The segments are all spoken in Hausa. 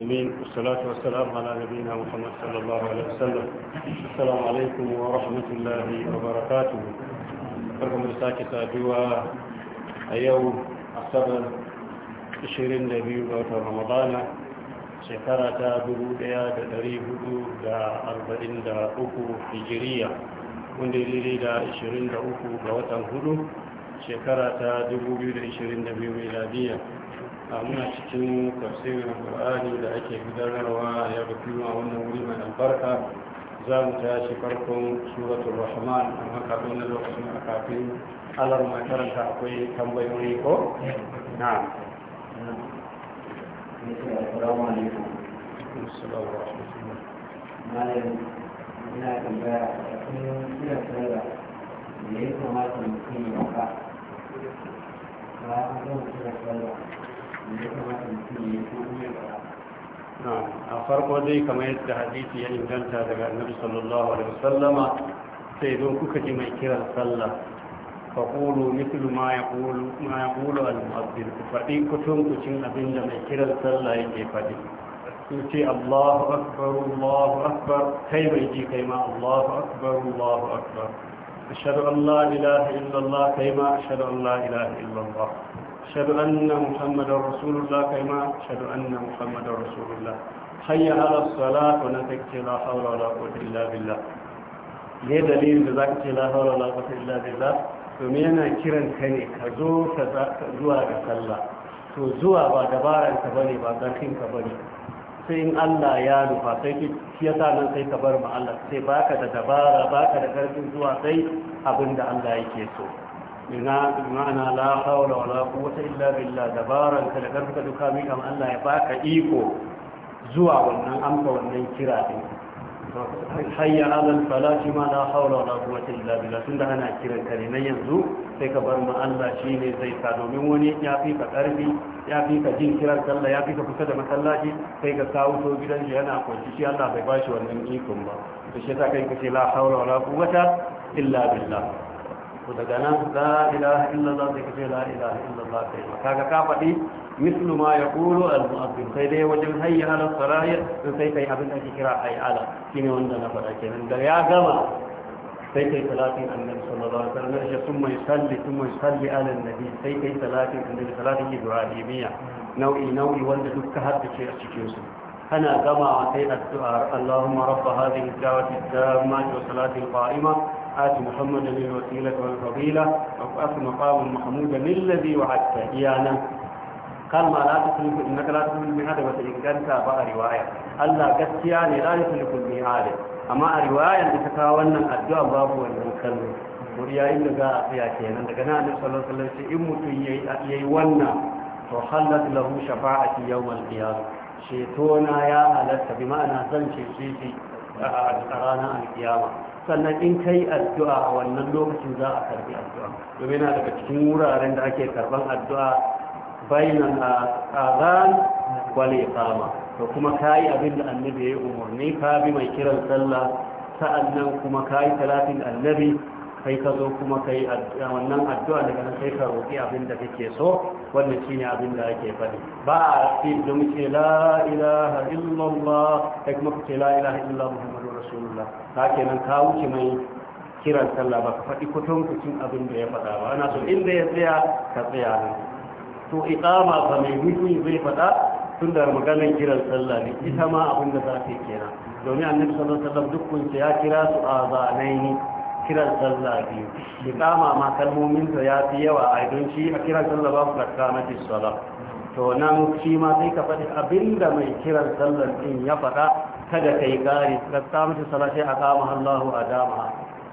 أمين والصلاة والسلام على نبينا محمد صلى الله عليه وسلم السلام عليكم ورحمة الله وبركاته بركم رساكي سابوا أيو أصبر عشرين نبي رمضان شكرة تابرو إيا دريه دا أربعين دا أكو هجرية وندري دا عشرين دا أكو بوتن هدو شكرة تابرو بيو دا عشرين نبي ميلادية muna cikin tafsirin qur'ani da ake gudanarwa ya rufi a wannan wuri mai albarka za mu tashi farkon suratul rahman amma kafin na lokacin a kafin alar mai karanta akwai tambayoyi ko na assalamu alaikum assalamu alaikum malam ina tambaya a cikin kira tsara da ya kamata mutum ya ba ba a kan kira tsara a farko dai kamar yadda hadisi ya inganta daga annabi sallallahu alaihi wasallama sai don kuka ji mai kiran sallah fa qulu mithlu ma yaqulu ma yaqulu al mu'adhdhin ku fadi kutun kucin abinda mai kiran sallah yake fadi ku ce Allahu akbar Allahu akbar kai bai ji kai ma Allahu akbar Allahu akbar ashhadu an la ilaha Allah kai ma ashhadu an la ilaha Allah. أشهد أن محمد رسول الله كما أشهد أن محمد رسول الله حي على الصلاة ونتكت لا حول ولا قوة إلا بالله ليه دليل بذلك لا حول ولا قوة إلا بالله ومينا yana kiran ka ne ka zo ka zuwa sallah to zuwa ba dabaran ka bane ba zarfin ka bane sai in Allah ya nufa sai ki ya sa nan sai ka bar ma Allah sai baka da dabara baka da karfin zuwa sai abinda Allah yake so Ina ma'ana la haula wala quwwata illa billah dabaran ka da karfuka duka mi kam Allah ya baka iko zuwa wannan amsa wannan kira din hayya alal falati ma la haula wala quwwata illa billah tunda ana kiran ka ne yanzu sai ka bar mu Allah shine zai ka domin wani ya fi ka karfi ya fi ka jin kiran sallah ya fi ka kusa da masallaci sai ka kawo to gidan shi yana kwanci shi Allah bai bashi wannan ikon ba to shi yasa kai kace la haula wala quwwata illa billah to daga nan la ilaha illallah sai ka ce la ilaha illallah kai ma kaga ka faɗi mislu ma yaqulu al mu'azzin sai dai wajen hayya ala saraya sai kai abin da ake kira hayya ala shine wanda na faɗa kenan da ya gama sai kai talatin annabi sallallahu alaihi wasallam ya summa yusalli thumma yusalli ala annabi sai kai talatin annabi salatin ibrahimiyya nau'i nau'i wanda duk ka haddace a cikin su kana gamawa sai addu'a Allahumma rabb hadhihi ad-da'wati ad-dammati wa salati al-qa'imah آت محمدا الوسيلة والفضيلة وأقف مقام محمودا الذي وعدته إيانا قال ما لا تسلك إنك لا تسلك بهذا وإن كانت بقى رواية ألا قسياني لا يسلك بهذا أما رواية تتكاونا الدعاء باب والمكلم murya inda za a tsaya kenan daga nan annabi sallallahu alaihi wasallam in mutum yayi wannan to halat lahu shafa'ati yawmal qiyamah sheto na ya halatta bi ma'ana zan cece shi a ranar alkiyama sannan in ka yi addu'a a wannan lokacin za a karbi addu'a domin na daga cikin wuraren da ake karban addu'a bainan azan wal fama to kuma kayi abin da annabi ya umarni ka bi mai kiran sallah sa'annan kuma kayi talatin annabi kai ka zo kuma kai wannan addu'a daga nan sai ka roƙi abin da kake so wannan shine abin da ake faɗi ba a fi da muke la ilaha illallah kai kuma ce la ilaha illallah muhammadur rasulullah ka kenan ka wuce mai kiran sallah ba ka faɗi kutun kucin abin da ya faɗa ba ana so inda ya tsaya ka tsaya nan to iqama fa mai hukumi zai faɗa tun da maganar kiran sallah ne ita ma abin da za ta yi kenan domin annabi sallallahu alaihi wasallam duk kun ya kira su a azanaini kiran sallah biyu kama ma kalmomin ta ya fi yawa a idan shi a kiran sallah ba su da kamati sallah to nan shi ma sai ka faɗi abinda mai kiran sallah din ya faɗa kada kai gari da kamati sallah sai kama Allahu adama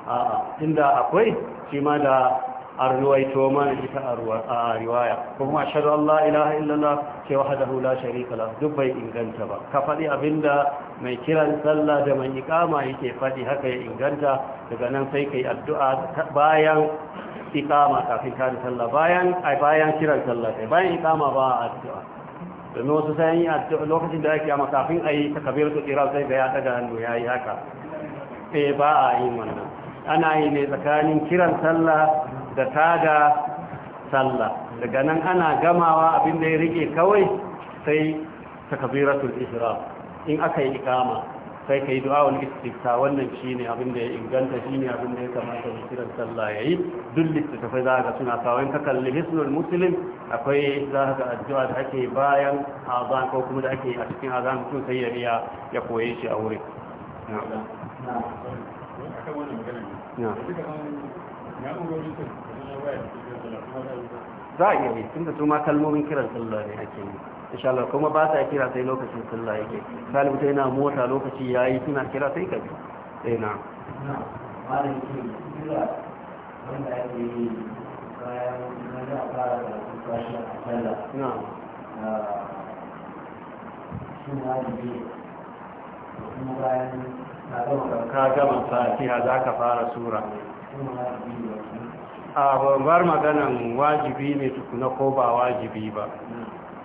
a'a inda akwai shi ma da an ruwaito mana ita a riwaya kuma shaɗu Allah ilaha illallah ke wahadahu la sharika la duk bai inganta ba ka faɗi abinda mai kiran sallah da mai ikama yake faɗi haka ya inganta daga nan sai kai addu'a bayan ikama kafin kiran sallah bayan ai bayan kiran sallah sai bayan ikama ba addu'a Don wasu sai yi addu'a lokacin da ake amma kafin ayi takbiratul ihram sai ga ya daga hannu yayi haka eh ba a yi wannan ana yi ne tsakanin kiran sallah da taga sallah daga nan ana gamawa abin da ya rike kawai sai takabiratul ihram in aka yi ikama sai ka yi du'awul istifta wannan shine abin da ya inganta shine abin da ya kamata mu kira sallah yayi duk littattafai za ka suna fa in ka kalli hisnul muslim akwai za addu'a da ake bayan azan ko kuma da ake a cikin azan mutum sai ya riya ya koye shi a wuri. na'am za a iya yi da su ma kalmomin kiran sallah ne ake yi inshallah kuma ba sa kira sai lokacin sallah yake sai ta na mota lokaci ya yi suna kira sai ka bi eh na ka gama fatiha za ka fara sura a babbar maganan wajibi ne tukuna ko ba wajibi ba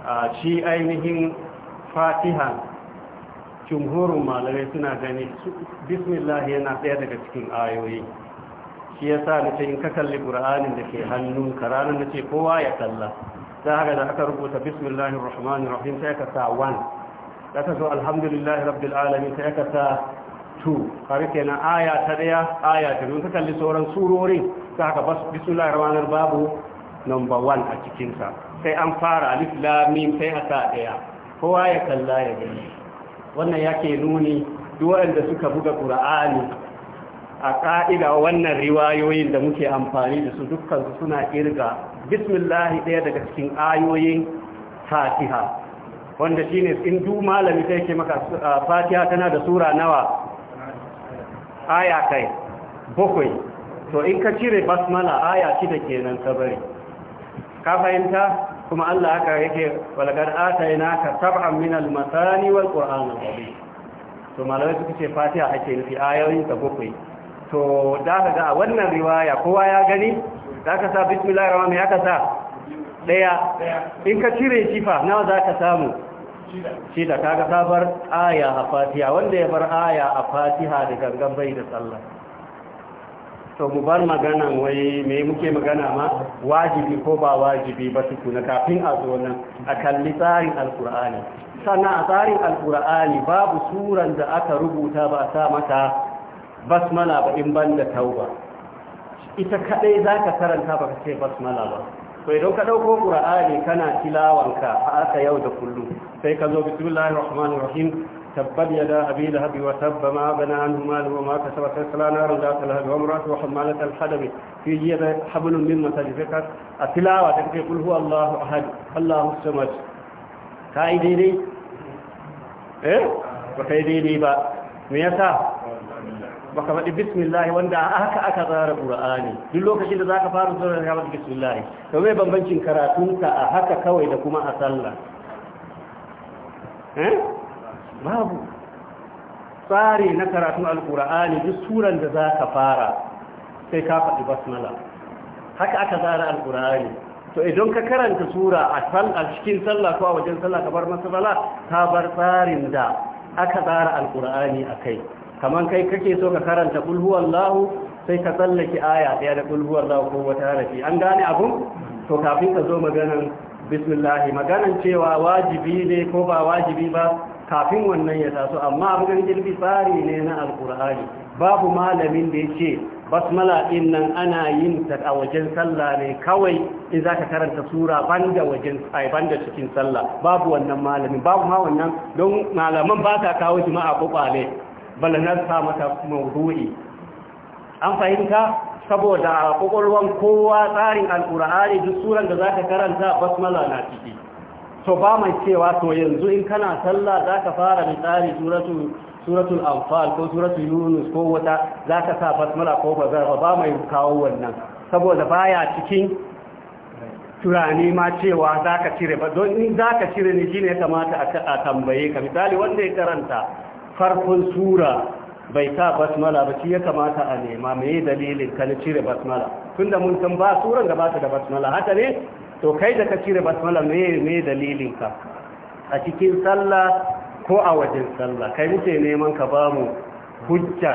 a shi ainihin fatiha jumhurin malamai suna gani bismillah yana ɗaya daga cikin ayoyi shi ya sa nace in ka kalli ƙura'anin da ke hannun ka ranar nace kowa ya kalla ta haka da aka rubuta bismillah rahmanir rahim ta yaka sa 1 da zo alhamdulillahi rabbil alamin ta yaka sa 2 har kenan aya ta daya aya ta biyu ka kalli sauran surorin saka bismillahir rahmanir babu number 1 a cikin sa sai an fara alif lam mim sai aka daya kowa ya kalla ya gani wannan yake nuni duk da suka buga qur'ani a ka'ida wannan riwayoyin da muke amfani da su dukkan su suna kirga bismillah daya daga cikin ayoyin fatiha wanda shine in du malami sai ke maka ah, fatiha tana da sura nawa aya kai bakwai to in ka cire basmala aya shida kenan ka bari ka fahimta kuma Allah haka yake walgar ataina ka sab'an min al-masani wal qur'an al-azim to malamai suka ce fatiha ake nufi ayoyin ta bakwai to da ka ga a wannan riwaya kowa ya gani da ka sa bismillahir rahmanir rahim ya ka sa daya in ka cire shifa nawa za ka samu shida kaga sabar aya a fatiha wanda ya bar aya a fatiha da gangan bai da sallah to mu bar magana wai me muke magana ma wajibi ko ba wajibi ba su tuna kafin a zo nan a kalli tsarin alkur'ani Sana a tsarin alkur'ani babu suran da aka rubuta ba a sa mata basmala ba in ban da tauba ita kadai za ka karanta ba ka ce basmala ba kai don ka ɗauko qur'ani kana tilawanka a aka yau da kullum sai ka zo bismillahir rahmanir rahim تبت يدا أبي لهب وتب ما أغنى عنه ماله وما كسب سيصلى نارا ذات لهب وامرأته حمالة الحدب في جيبها حبل من مسد فكر التلاوة تكفي قل هو الله أحد الله الصمد كاي ديدي إيه وكاي ديدي با ميسا baka faɗi bismillah wanda haka aka tsara qur'ani duk lokacin da zaka fara zuwa ka faɗi bismillah to me bambancin karatunka a haka kawai da kuma a sallah eh babu tsari na karatun alkur'ani duk suran da za ka fara sai ka faɗi basmala haka aka tsara alkur'ani to idan ka karanta sura a cikin sallah ko a wajen sallah ka bar basmala ka bar tsarin da aka tsara alkur'ani a kai kamar kai kake so ka karanta kulhuwallahu sai ka tsallake aya ɗaya da kulhuwallahu ko wata rafi an gane abun to kafin ka zo maganan bismillah maganan cewa wajibi ne ko ba wajibi ba kafin wannan ya taso amma abin jirgi tsari ne na alkur'ani babu malamin da ya ce basmala ɗin nan ana yin ta a wajen sallah ne kawai in za ka karanta sura banda wajen banda cikin sallah babu wannan malamin babu ma wannan don malaman ba ta kawo jima'a kwakwale balanar sa mata maudu'i an fahimta saboda a kwakwalwan kowa tsarin alkur'ani duk suran da za ka karanta basmala na ciki to ba mai cewa to yanzu in kana sallah za ka fara misali suratul anfal ko suratul yunus ko wata za ka sa basmala ko zai ba mai kawo wannan saboda baya cikin turani ma cewa za ka cire ba don in za ka cire ne shine ya kamata a tambaye ka misali wanda ya karanta farkon sura bai sa basmala ba shi ya kamata a nema mai dalilin ka na cire basmala tunda mun san ba suran da ba ta da basmala haka ne to kai da ka cire basmala me me dalilin ka a cikin sallah ko a wajen sallah kai muke neman ka bamu hujja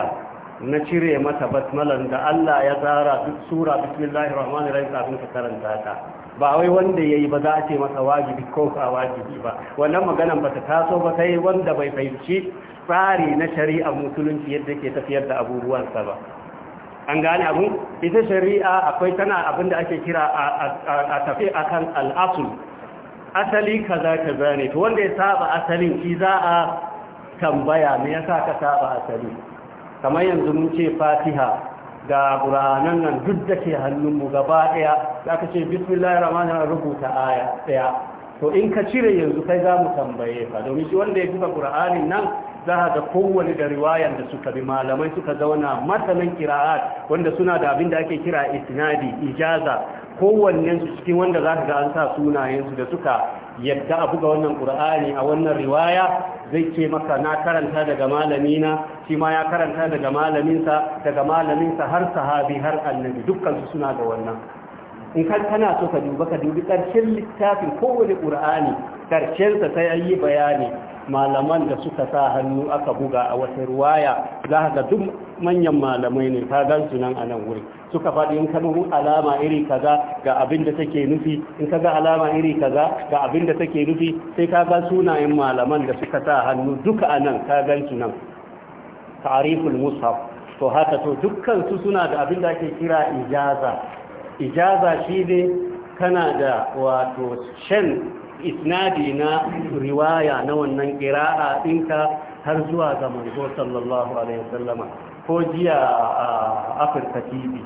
na cire mata basmalan da Allah ya tsara duk sura bismillahir rahmanir rahim kafin ka karanta ta ba wai wanda yayi ba za a ce masa wajibi ko ka wajibi ba wannan maganan ba ta taso ba sai wanda bai fahimci tsari na shari'a musulunci yadda ke tafiyar da abubuwansa ba an gane abu ita shari'a akwai tana abinda ake kira a tafi akan al'asul asali kaza kaza ne to wanda ya saba asalin shi za a tambaya me yasa ka saba asali kamar yanzu mun ce fatiha ga buranan nan duk da ke mu gaba ɗaya za ka ce bismillahir rahmanir rubuta aya ɗaya to in ka cire yanzu kai za mu tambaye ka domin shi wanda ya buga qur'anin nan za a ga kowane da riwaya da suka bi malamai suka zauna masanan kira'at wanda suna da abin da ake kira isnadi ijaza kowanne su cikin wanda za ka ga an sa sunayensu da suka yadda a buga wannan Kur'ani a wannan riwaya zai ce maka na karanta daga malamina shi ma ya karanta daga malaminsa daga malaminsa har sahabi har annabi dukkan su suna da wannan in kana so ka duba ka dubi ƙarshen littafin kowane ƙur'ani. karshensa sai an yi bayani malaman da suka sa hannu aka buga a wata ruwaya za ka duk manyan malamai ne ka gan nan a nan wuri suka faɗi in ka nuhu alama iri kaza ga abin da take nufi in ka ga alama iri kaza ga abin da take nufi sai ka ga sunayen malaman da suka sa hannu duka a nan ka gan nan ta'riful mushaf to haka to dukkan su suna da abin da ake kira ijaza ijaza shi ne kana da wato shan isnadi na riwaya na wannan ƙira'a ɗinka har zuwa ga manzo sallallahu alaihi wasallama ko jiya a afirka tv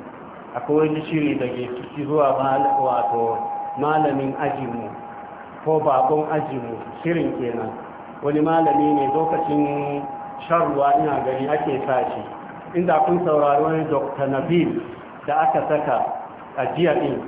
akwai wani shiri da ke ciki zuwa wato malamin ajinmu ko bakon ajinmu shirin kenan wani malami ne lokacin sharuwa ina gani ake sashi inda kun saurari wani dr nabil da aka saka a jiya ɗin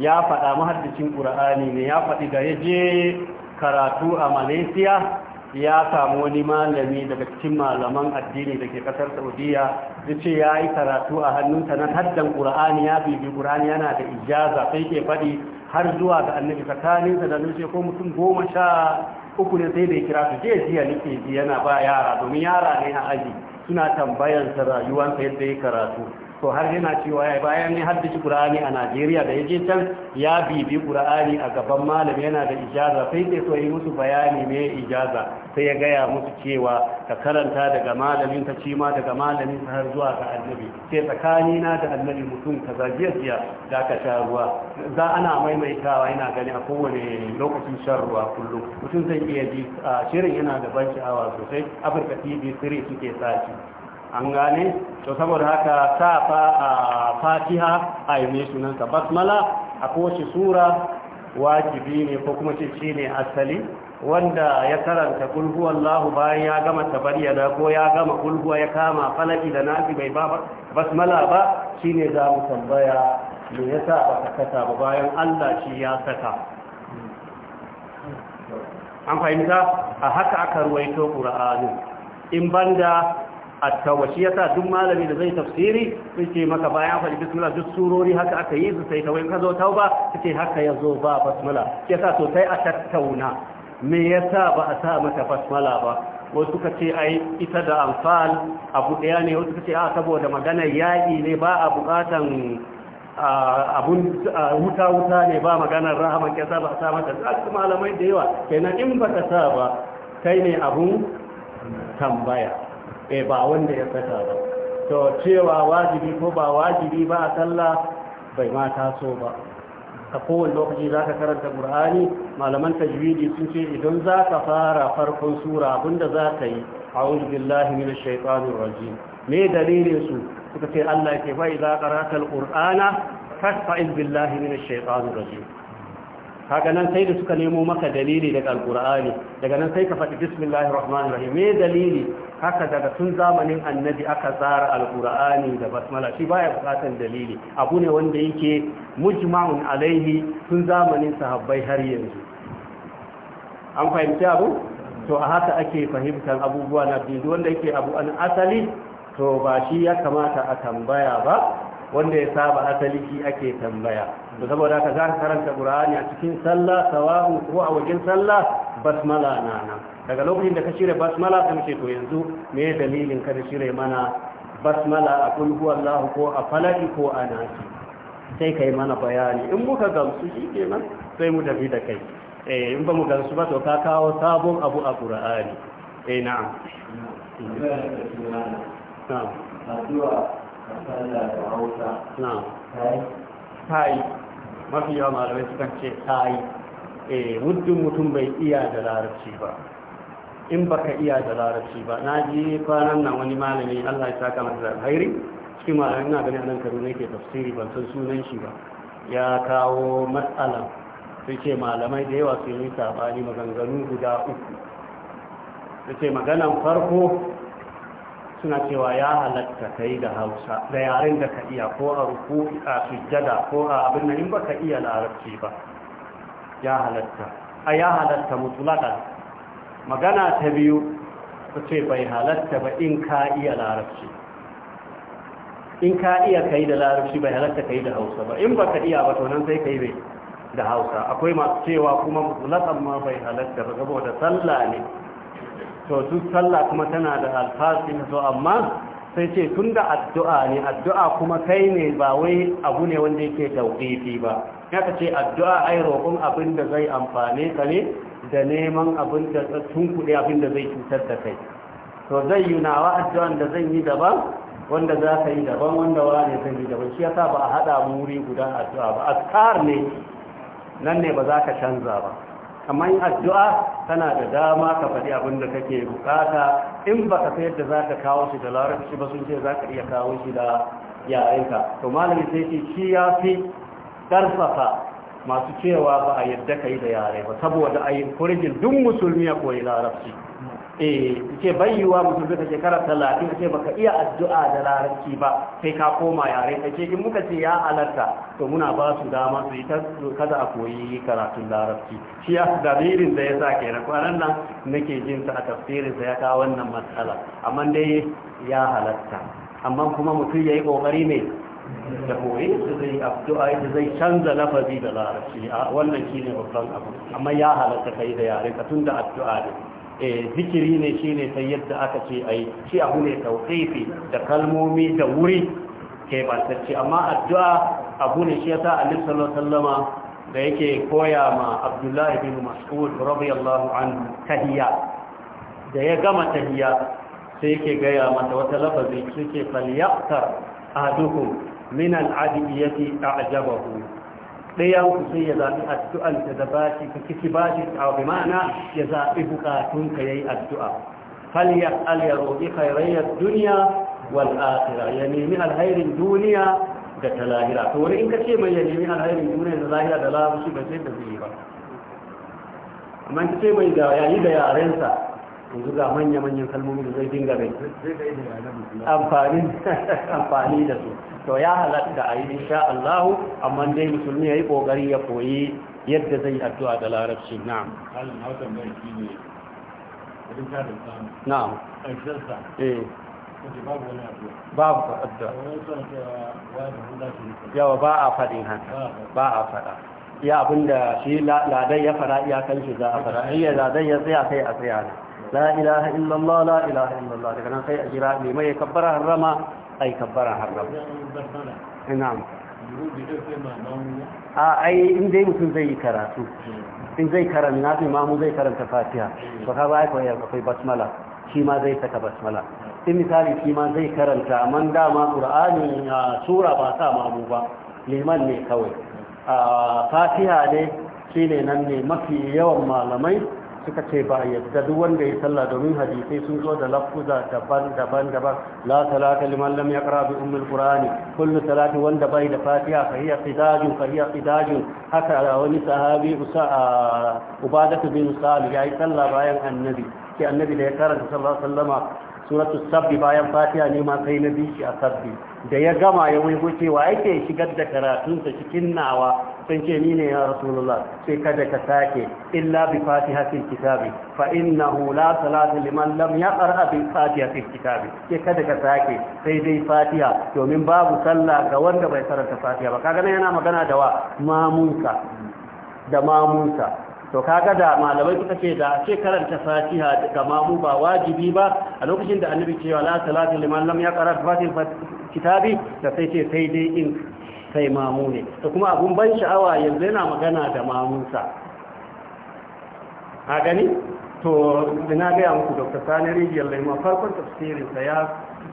ya faɗa mahaddicin ƙura'ani ne ya faɗi da ya je karatu a malaysia ya samu wani malami daga cikin malaman addini da ke ƙasar saudiya ya ce ya yi karatu a hannunsa na haddan ƙura'ani ya bibi ƙura'ani yana da ijaza sai ke faɗi har zuwa ga annabi tsakaninsa da nuce ko mutum goma sha uku ne sai da ya kira su je jiya ke ji yana ba yara domin yara ne a aji suna tambayansa rayuwarsa yadda ya karatu to har yana cewa ya bayan ya haddace Kur'ani a Najeriya da ya yaje can ya bibi Kur'ani a gaban malami yana da ijaza sai sai so yi musu bayani mai ijaza sai ya gaya musu cewa ka karanta daga malamin ka ci daga malamin ka har zuwa ga annabi sai tsakani na da annabi mutum ka zagiya jiya da ka sha ruwa za ana maimaitawa yana gani a kowane lokacin shan ruwa kullum mutum zai iya ji shirin yana da ban sha'awa sosai Afirka TV 3 suke shi an gane to saboda haka sa fa a fatiha a yi mai sunansa basmala a kowace sura wajibi ne ko kuma ce shi ne asali wanda ya karanta kulhu Allahu bayan ya gama da ko ya gama kulhuwa ya kama falaki da nafi bai ba basmala ba shine za mu tambaya me yasa ba ka kasa ba bayan Allah shi ya saka an fahimta a haka aka ruwaito Qur'ani in banda attawashi yasa duk malami da zai tafsiri yace maka bayan fa bismillah duk surori haka aka yi su sai ta wayin kazo tauba yace haka yazo ba basmala yasa to sai a tattauna me yasa ba a sa mata basmala ba wasu suka ce ai ita da amfal abu daya ne wasu suka ce a saboda magana yaƙi ne ba a buƙatan abun wuta-wuta ne ba maganar rahaman sa ba a sa mata za su malamai da yawa kenan in ba ta sa ba kai ne abun tambaya E ba wanda ya saka ba to cewa wajibi ko ba wajibi ba a sallah bai ma taso ba a kowane lokaci za ka karanta ƙur'ani malaman tajwidi sun ce idan za ka fara farkon sura abinda za ka yi a wani billahi mina shaitanin rajim me dalilin su suka ce allah ke bai za ka ratar ƙur'ana fasfa'il billahi mina shaitanin rajim kaga nan sai da suka nemo maka dalili daga alƙur'ani daga nan sai ka faɗi bismillahir rahmanir rahim me dalili haka daga tun zamanin annabi aka tsara alkur'ani da basmala shi baya bukatan dalili abu ne wanda yake mujma'un alaihi tun zamanin sahabbai har yanzu an fahimci abu to a haka ake fahimtar abubuwa na biyu wanda yake abu an asali to ba shi ya kamata a tambaya ba wanda ya saba asali shi ake tambaya to saboda ka za ka karanta qur'ani a cikin sallah sawa'u ko a wajen sallah basmala na nan daga lokacin da ka shirya basmala sun ce to yanzu me dalilin ka da shirya mana basmala a huwa huwallahu ko a falaki ko a nasi sai kai mana bayani in muka gamsu shi nan sai mu tafi da kai eh, in ba mu gamsu ba to ka kawo sabon abu a qur'ani eh na'am na'am na'am kai mafi yawa malamai sukan ce tai. eh muddin mutum bai iya da larabci ba in baka iya da larabci ba na ji kwanan nan wani malami Allah ya saka masa da cikin malamin na gani a nan Kaduna ke tafsiri ban san sunan shi ba ya kawo matsala sai ce malamai da yawa sun yi sabani maganganu guda uku sai ce maganan farko suna cewa ya halatta yi da hausa da yaren da ka iya ko a rufu, a sujjada ko a abin nan in baka iya larabci ba ya halatta a ya halatta mutulaka magana ta biyu ta ce bai halatta ba in ka iya larabci in ka iya ka yi da larabci bai halatta ka yi da hausa ba in ba ka iya ba tonan sai ka yi bai da hausa akwai masu cewa kuma mutulakan ma bai halatta ba saboda sallah ne to duk sallah kuma tana da alfasi so amma sai ce tun da addu'a ne addu'a kuma kai ne ba wai abu ne wanda yake tauƙifi ba kaka ce addu'a ai roƙon abin da zai amfane ka ne da neman abin da tunkuɗe abin da zai cutar da kai to zai yi nawa addu'an da zan yi daban wanda za ka yi daban wanda ne zan yi daban shi yasa ba a haɗa muri guda addu'a ba askar ne nan ne ba za ka canza ba amma yin addu'a tana da dama ka faɗi abin da kake bukata in ba ka sayar da za ka kawo shi da larabci ba sun ce za ka iya kawo shi da yarenka to malami sai shi ya fi karfafa masu cewa ba a yadda ka yi da yare ba saboda a yi kurgin duk musulmi a koyi larabci eh ce bayyuwa musulmi ka shekara talatin ce baka iya addu'a da larabci ba sai ka koma yare ka ce in muka ce ya halarta to muna ba su dama su yi ta kada a koyi karatun larabci shi ya dalilin da ya sa ke na kwanan nan nake jin sa a tafsirin sa ya kawo wannan matsala amma dai ya halarta amma kuma mutum ya yi kokari ne da koyi su zai addu'a yadda zai canza lafazi da larabci a wannan shi ne babban abu amma ya halatta kai da yare ka tun da addu'a ne eh, zikiri ne shi ne sai yadda aka ce a yi shi abu ne tauƙifi da kalmomi da wuri ke bantacce amma addu'a abu ne shi ya sa alif sallama da yake koya ma abdullahi bin mas'ud radiyallahu anhu tahiyya da ya gama tahiyya sai yake gaya mata wata lafazi suke falyaktar ahadukum min al'adiyyati a'jabahu ɗayan ku sai ya zaɓi addu'anka da bashi ka kici bashi a bi ma'ana ya zaɓi bukatunka ya yi addu'a hal ya al ya roƙi khairayyar duniya wal akhira ya nemi alhairin duniya da ta lahira to wani in ka ce mai ya nemi alhairin duniya da lahira da lahira shi ba sai da zai ba amma in ka ce mai da yayi da yarensa yanzu ga manya-manyan kalmomi da zai dinga bai amfani da su to ya halatta a yi insha Allahu amma dai musulmi ya yi ƙoƙari ya koyi yadda zai addu'a da larabci na'am na'am eh. babu addu'a yawa ba a faɗin haka ba a faɗa ya abinda shi ladai ya fara iyakan shi za a fara iya ladai ya tsaya kai a tsaya ne la ilaha illallah la ilaha illallah daga nan sai a jira mai mai kabbara harrama ai kabbara harrama na'am a ai in dai mutum zai yi karatu in zai karanta na imamu zai karanta fatiha ba ka ba akwai akwai basmala shi ma zai saka basmala in misali shi ma zai karanta amma dama qur'ani sura ba sa mamu ba liman ne kawai fatiha ne shine nan ne mafi yawan malamai suka ce ba yadda duk wanda ya sallah domin hadisai sun zo da lafuza daban-daban daban la salata liman lam yaqra bi ummul qur'ani kullu salati wanda bai da fatiha fa hiya qidajun fa hiya qidajun haka wani sahabi usa ubadah bin salih ya sallah bayan annabi Ki annabi da ya karanta sallallahu alaihi wasallama suratul sabbi bayan fatiha ne ma sai na bi shi a sabbi da ya gama ya waigo cewa yake shigar da karatunsa cikin nawa sun ce ni ne ya rasulullah sai kada ka sake illa bi fatihatil kitabi fa innahu la salata liman lam yaqra bi fatihatil kitabi sai kada ka sake sai dai fatiha domin babu sallah ga wanda bai karanta fatiha ba kaga yana magana da wa mamunsa da mamunsa to kaga da malamai suka ce da ce karanta fatiha ga mamu ba wajibi ba a lokacin da annabi cewa la salatu liman lam yaqra fatiha kitabi da sai ce sai dai in kai mamu ne to kuma abin ban sha'awa yanzu yana magana da mamunsa a gani to ina gaya muku dr sani rijiyar laima farkon tafsirinsa ya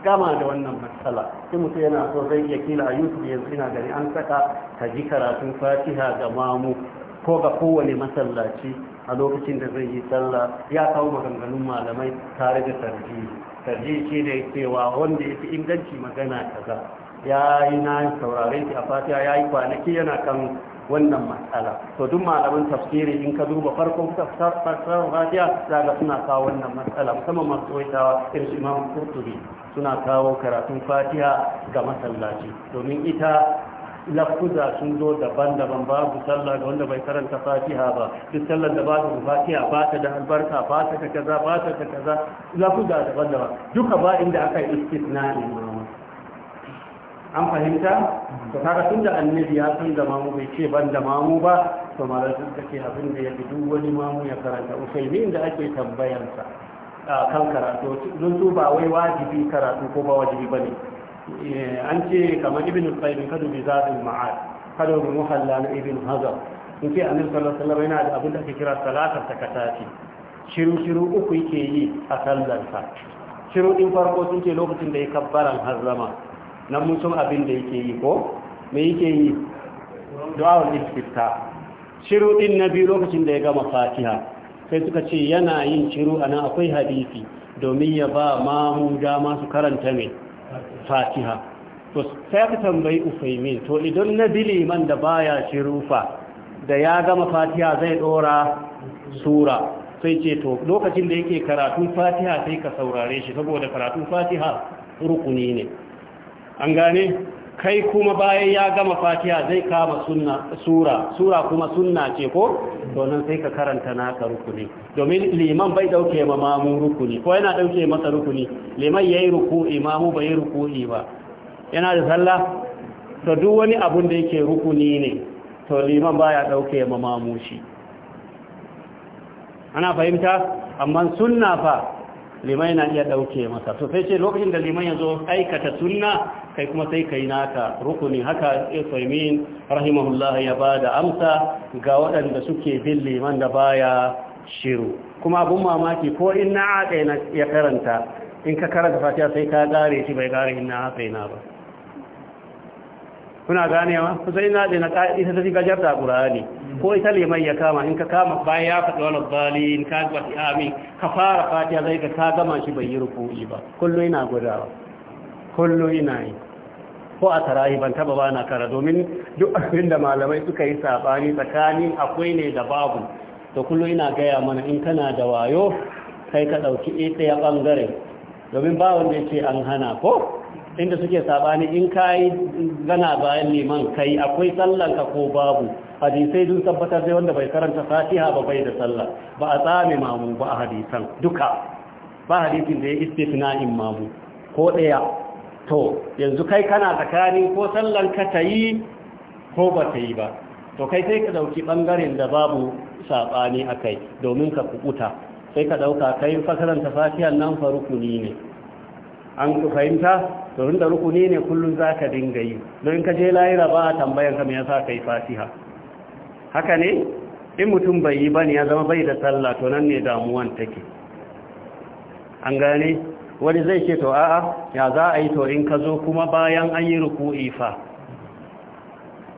gama da wannan matsala sai mutu yana so zai iya kila a yusuf yanzu ina gani an saka ka ji karatun fatiha ga mamu ko ga kowane masallaci a lokacin da zai yi sallah ya kawo maganganun malamai tare da tarjihi tarjihi shi ne cewa wanda ya fi inganci magana kaza ya yi na saurare shi a fatiha ya yi kwanaki yana kan wannan matsala to duk malamin tafsiri in ka duba farkon fassarar fatiha za ga suna kawo wannan matsala musamman masu tsohitawa irin su imam kurtubi suna kawo karatun fatiha ga masallaci domin ita lafuza sun zo daban-daban babu sallah ga wanda bai karanta fatiha ba duk sallar da ba su fatiha ba ta da albarka ba ta kaza ba ta ta kaza lafuza daban-daban duka ba inda aka yi istisna ne an fahimta to kaga tunda annabi ya san da mamu bai ce ban da mamu ba to malaka take abin da ya fi duk wani mamu ya karanta usaimin da ake tambayarsa a kan karatu don su ba wai wajibi karatu ko ba wajibi bane eh, an ce kamar ibn qayyim kadu bi zadul ma'ad kadu bi muhalla na ibn hazar in ce annabi sallallahu alaihi wasallam yana da abin da ake kira salatar takatati shiru shiru uku yake yi a sallarsa shiru din farko sun ce lokacin da ya kabbaran hazama Na mun san abin da yake yi ko me yake yi du'a'ul istifta shiru din na biyu lokacin da ya gama fatiha sai suka ce yana yin shiru na akwai hadisi domin ya ba mamu dama su karanta mai fatiha to sai ka tambayi ufaimin to idan na biliman da baya shiru fa da ya gama fatiha zai dora sura sai ce to lokacin da yake karatun fatiha sai ka saurare shi saboda karatun fatiha rukuni ne an gane kai kuma bayan ya gama fatiha zai kama sunna sura sura kuma sunna ce ko donan sai ka karanta naka rukuni domin liman bai dauke ma mamu rukuni ko yana dauke masa rukuni liman yayi ruku'i mamu bai ruku'i ba yana da sallah to duk wani abun da yake rukuni ne to liman baya dauke ma mamu shi ana fahimta amma sunna fa liman yana iya ɗauke masa to sai ce lokacin da liman ya zo aikata sunna kai kuma sai kai naka rukuni haka isaimin rahimahullah ya ba da amsa ga waɗanda suke bin liman da baya shiru kuma abun mamaki ko in na ya karanta in ka karanta fatiha sai ka gare shi bai gare in na ba kuna ganewa kusan ina da na ita ta shiga jarta qur'ani ko ita liman ya kama in ka kama bayan ya faɗi wani balin ka ga amin ka fara Fati zai ka ka gama shi bai yi ko ba kullu ina gudawa kullu ina yi ko a tarahi ban taba bana kara domin duk abin da malamai suka yi sabani tsakanin akwai ne da babu to kullu ina gaya mana in kana da wayo kai ka dauki ya bangare domin ba wanda yake an hana ko inda suke sabani in kai gana bayan neman kai akwai sallanka ko babu hadisai dun tabbatar sai wanda bai karanta fatiha ba bai da sallah ba a tsame mamu ba a hadisan duka ba hadisin da ya in mamu ko daya to yanzu kai kana tsakanin ko sallan ka ta yi ko ba ta yi ba to kai sai ka dauki bangaren da babu sabani akai domin ka kukuta sai ka dauka kai fakaranta fatihan nan farukuni ne an ku fahimta to da rukuni ne kullum za ka dinga yi don ka je laira ba tambayar ka me yasa kai fatiha haka ne in mutum bai yi bane ya zama bai da sallah to nan ne damuwan take an gane wani zai ce to a'a ya za a yi to in ka zo kuma bayan an yi ruku'i fa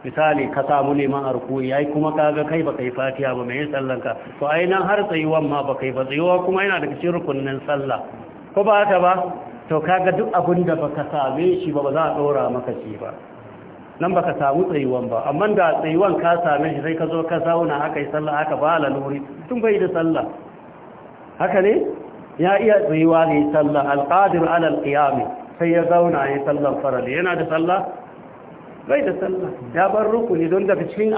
misali ka samu neman ruku'i, ai kuma kaga kai baka yi fatiha ba mai sallanka to ai nan har tsayuwan ma baka yi ba tsayuwa kuma yana daga cikin rukunin sallah ko ba ta ba to kaga duk abin da baka same shi ba ba za a dora maka shi ba nan baka samu tsayuwan ba amma da tsayuwan ka same shi sai ka zo ka zauna aka yi sallah aka ba laluri tun bai da sallah haka ne ya iya tsayuwa ne sallah alqadir ala alqiyam sai ya zauna yi sallah farali yana da sallah bai da sallah ya bar rukuni don daga cikin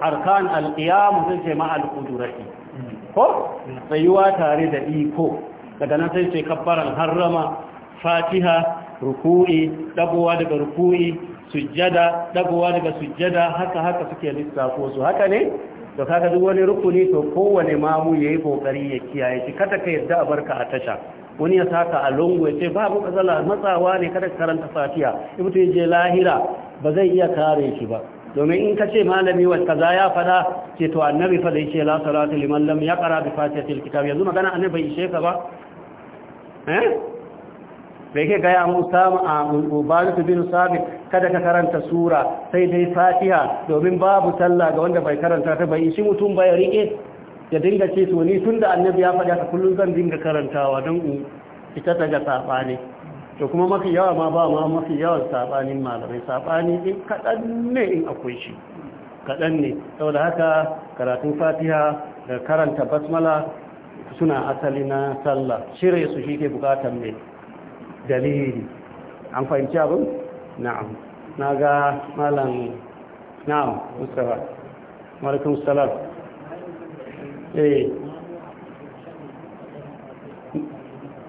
arkan alqiyam sun ce ma alqudrati ko tsayuwa tare da iko daga nan sai ce kabbaran harrama fatiha ruku'i dagowa daga ruku'i sujjada dagowa daga sujjada haka haka suke lissafo su haka ne to kaga duk wani rukuni to kowane mamu yayi kokari ya kiyaye shi kada ka yadda a barka a tasha wani ya saka a lungu ya ce ba mu kazala matsawa ne kada ka karanta fatiha in mutum je lahira ba zai iya kare shi ba domin in ka ce malami wa kaza ya fada ce to annabi fa zai ce la salatu liman lam yaqra bi fatihatil kitab yanzu magana annabi bai ishe ka ba eh bai ke gaya musa a bin sami kada ka karanta sura sai dai fatiha domin babu sallah ga wanda bai karanta ta bai shi mutum bai rike ya dinga ce su ni tun da annabi ya faɗa ka kullum zan dinga karantawa don in fita daga saɓani to kuma mafi yawa ma ba ma mafi yawan saɓanin malamai saɓani in kaɗan ne in akwai shi kaɗan ne saboda haka karatun fatiha da karanta basmala suna asali na sallah shirye su shi ke bukatar mai dalili an fahimci abin na'am na ga malam na'am mustafa malikun salam eh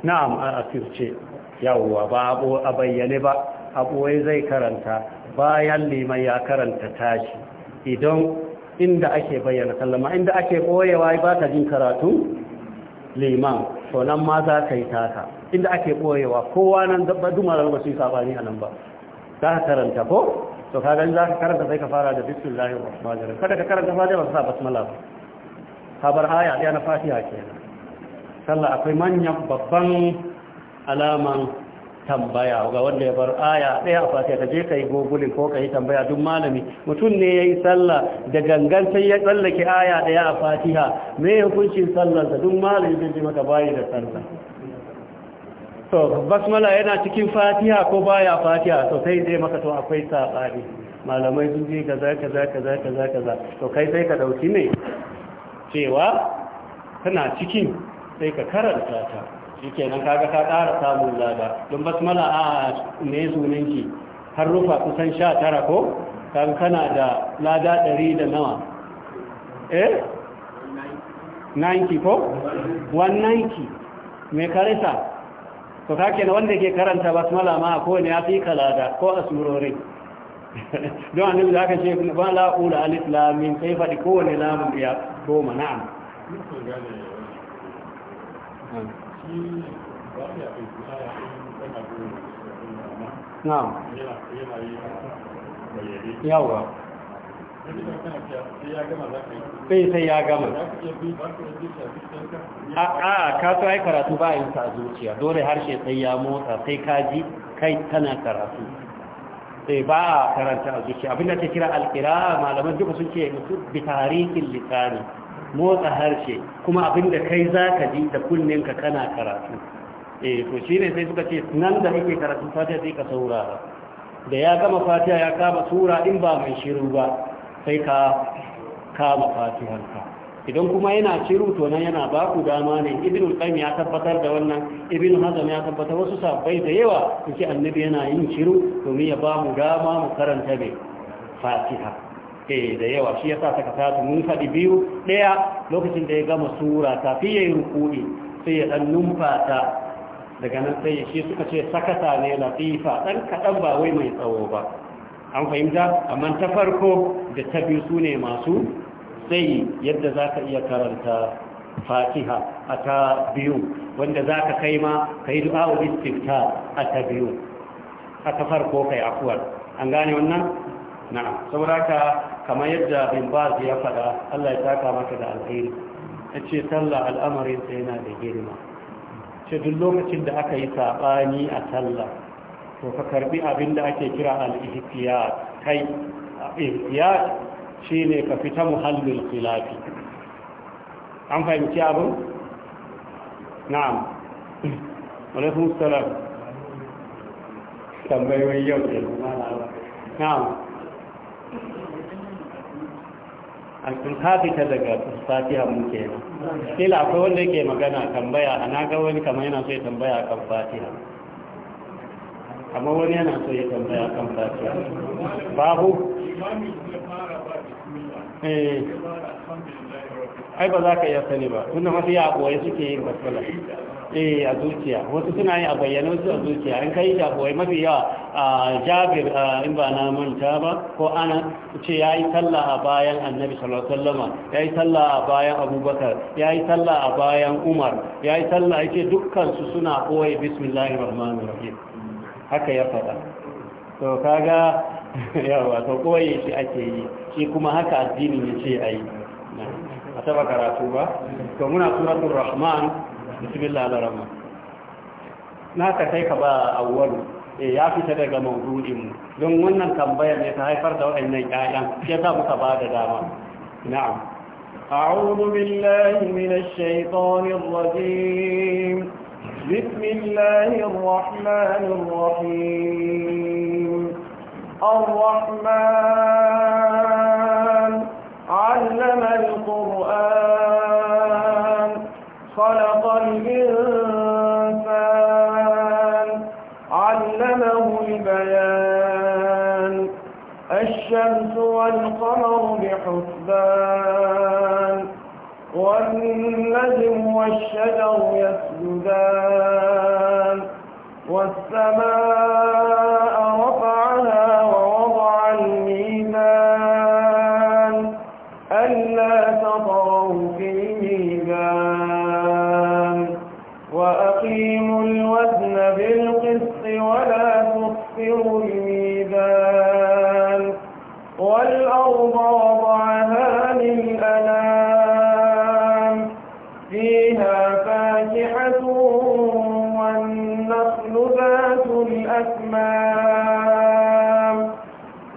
na'am a asirce yawwa ba a bayyane ba a ɓoye zai karanta bayan liman ya karanta tashi idan inda ake bayyana sallama inda ake ɓoyewa ba ta jin karatu liman to nan ma za ka yi taka inda ake ɓoyewa kowa nan dabba dumarar wasu yi sabani a nan ba za ka karanta ko to ka gani za ka karanta sai ka fara da bismillahir rahmanir rahim kada ka karanta fatiha ba sa basmala ba ka bar ɗaya na fatiha kenan sallah akwai manyan babban alaman tambaya ga wanda ya bar aya ɗaya a fatiha ta je ka yi gogulin ko ka yi tambaya duk malami mutum ne ya yi sallah da gangan sai ya tsallake aya ɗaya a fatiha me hukuncin sallarsa duk malami zai ji maka bayi da sallah So basmala yana cikin fatiha ko baya fatiha so sai zai maka to akwai saɓani malamai sun ji kaza kaza kaza kaza kaza to kai sai ka ɗauki ne cewa tana cikin sai ka karanta ta yake nan kaga ka ƙara samun lada don basmala a ne sunanki har rufa kusan sha tara ko kan kana da lada ɗari da nawa eh 90 ko 190 mai karisa to kake na wanda ke karanta basmala ma ko ne ya fi kalada ko a surori don annabi da aka ce ba la'ula alif min kai faɗi kowane lamun ya goma na'am na'am yawa sai sai ya gama a kasu ai karatu ba yin zuciya dole harshe sai ya motsa sai kaji kai tana karatu sai eh, ba a karanta a zuciya abinda ta kira alkira malaman duka sun ce mutu bi tarihin lisani motsa harshe kuma abinda kai za ka ji da ka kana karatu eh to shi ne sai suka ce nan da yake karatu fatiha sai ka saurara da ya gama fatiha ya kama sura in ba mai shiru ba sai ka kama Fatiharka. idan kuma yana shiru to nan yana ba ku dama ne ibn qayyim ya tabbatar da wannan ibnu hazm ya tabbatar wasu sabbai da yawa suke annabi yana yin shiru domin ya ba mu dama mu karanta mai fatiha eh da yawa shi yasa saka tatu mun faɗi biyu ɗaya lokacin da ya gama sura tafi yayi ruku'i sai ya dan numfata daga nan sai shi suka ce sakata ne latifa ɗan kaɗan ba wai mai tsawo ba an fahimta amma ta farko da ta biyu sune masu sai yadda za ka iya karanta fatiha a ta biyu wanda zaka kai ma kai du'a istifta a ta biyu a ta kai afuwar an gane wannan na'am saboda ka kamar yadda bin baz ya fada Allah ya taka maka da alheri yace sallah al'amarin sa yana da girma ce duk lokacin da aka yi saɓani a sallah to ka karbi abin da ake kira al-ihtiyat kai Shi ne ka fita muhallin khilafi an fahimci abin na'am alaikum salam tambayoyin yau da na'am an kafita daga fatiha mun kenan kila akwai wanda yake magana tambaya ana ga wani kamar yana so ya tambaya kan fatiha amma wani yana so ya tambaya kan fatiha babu eh. ai ba za ka iya sani ba tunda mafi ya suke yin basmala eh a zuciya wasu suna yi a bayyana wasu a zuciya an kai kawai mafi yawa a jabir in ba na manta ba ko ana ce ya yi talla a bayan annabi sallallahu ya yi talla a bayan abubakar ya yi talla a bayan umar ya yi talla ya ce dukkansu suna kawai bismillahir rahmanir rahim haka ya faɗa to kaga yawa to koyi shi ake yi shi kuma haka addinin ya ce a yi a taba karatu ba to muna suratul rahman بسم الله الرحمن ناك تيكا با أول يا في تدرك موجودين دون من تنبايا ميتا هاي فرد وإن يتعيان كيتا متباد داما نعم أعوذ بالله من الشيطان الرجيم بسم الله الرحمن الرحيم الرحمن علم القرآن الإنسان علمه البيان الشمس والقمر بحسبان والنجم والشجر يسجدان والسماء رفعها ولا تخسروا الميزان والأرض وضعها للأنام فيها فاكحة والنخل ذات الأكمام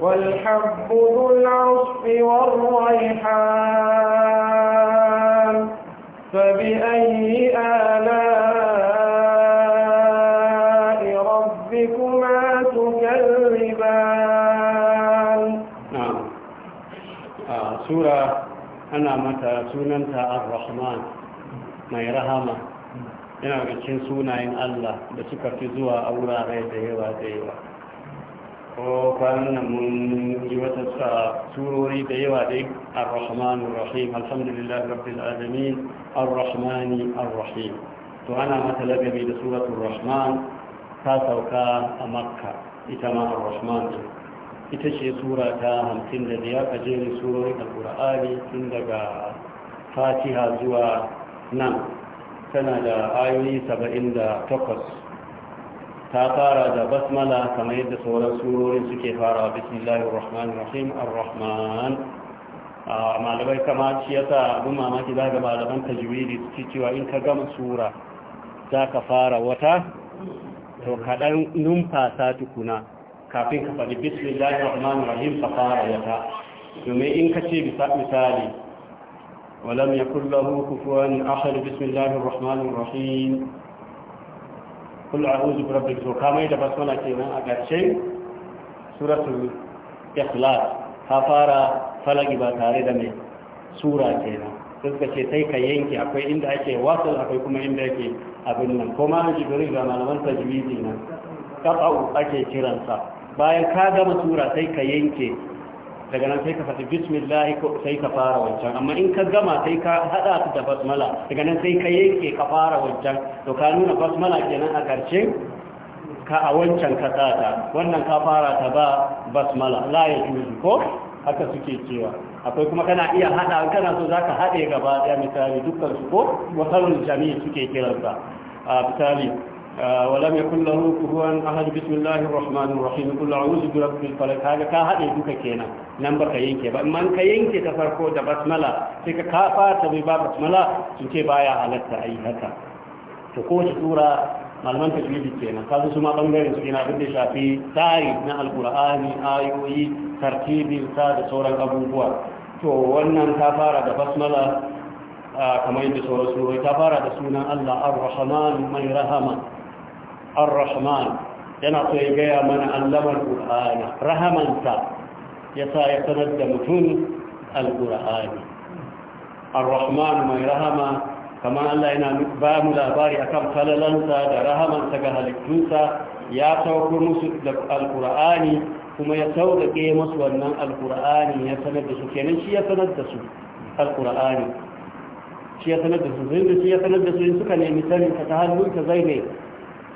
والحب ذو العصف والريحان sunanta ar-rahman mai rahama yana daga cikin sunayen Allah da suka fi zuwa a wurare da yawa da yawa ko kwanan mun yi wata surori da yawa dai ar-rahman ar-rahim alhamdulillah rabbil alamin ar-rahman ar-rahim to ana mata lagabi da suratul rahman ta sauka a makka ita ma ar-rahman ita ce sura ta 55 a jerin surorin da qur'ani tun daga fatiha zuwa nan tana da ayoyi saba'in da takwas ta fara da basmala kamar yadda sauran surorin suke fara bismillahir rahmanir rahim ar-rahman malamai kama ci yasa abin mamaki za ga malaman tajwidi su cewa in ka gama sura za ka fara wata to kaɗan numfasa tukuna kafin ka faɗi bismillahir rahman rahim ka fara wata domin in ka ce misali ولم يكن له كفوا أحد بسم الله الرحمن الرحيم قل أعوذ برب الفلق كما يدب سنة كينا أقرشي سورة الإخلاص كفارة فلق باتارد من سورة كينا suka ce sai ka yanke akwai inda ake wasu akwai kuma inda ake abin nan kuma jibril da malamansa tajwidi nan kafa'u ake kiransa bayan ka gama sura sai ka yanke daga nan sai ka faɗi bismillah ko sai ka fara wancan amma in ka gama sai ka hada su da basmala daga nan sai ka yanke ka fara wancan to ka nuna basmala kenan a karshe ka a wancan ka tsata wannan ka fara ta ba basmala la ya ko haka suke cewa akwai kuma kana iya haɗa. kana so zaka hade gaba ɗaya misali dukkan su ko wasalul jami'i suke kiransa a misali ولم يكن له كفوا احد بسم الله الرحمن الرحيم قل اعوذ برب الفلق هذا ka hade duka kenan nan baka yanke ba amma ka yanke ta farko da basmala sai ka kafa ta bai ba basmala sun ce baya halatta ayi haka ko ta tura malaman tajwidi kenan kasu su ma bangaren su ina abin shafi tsari na alqur'ani ayoyi tartibin sa da sauran abubuwa to wannan ta fara da basmala kamar yadda sauran surai ta fara da sunan Allah ar-Rahman mai rahama ar-rahman yana so ya gaya mana allamar qur'ani rahamanta yasa ya sanar da mutum al-qur'ani ar-rahman mai rahama kamar Allah yana ba mu labari akan falalansa da rahamansa ga halittunsa ya sauko musu da al-qur'ani kuma ya sauƙaƙe musu wannan al-qur'ani ya sanar da su kenan shi ya sanar da su al-qur'ani shi ya sanar da su zai da shi ya sanar da su in suka nemi sanin ta hannunka zai ne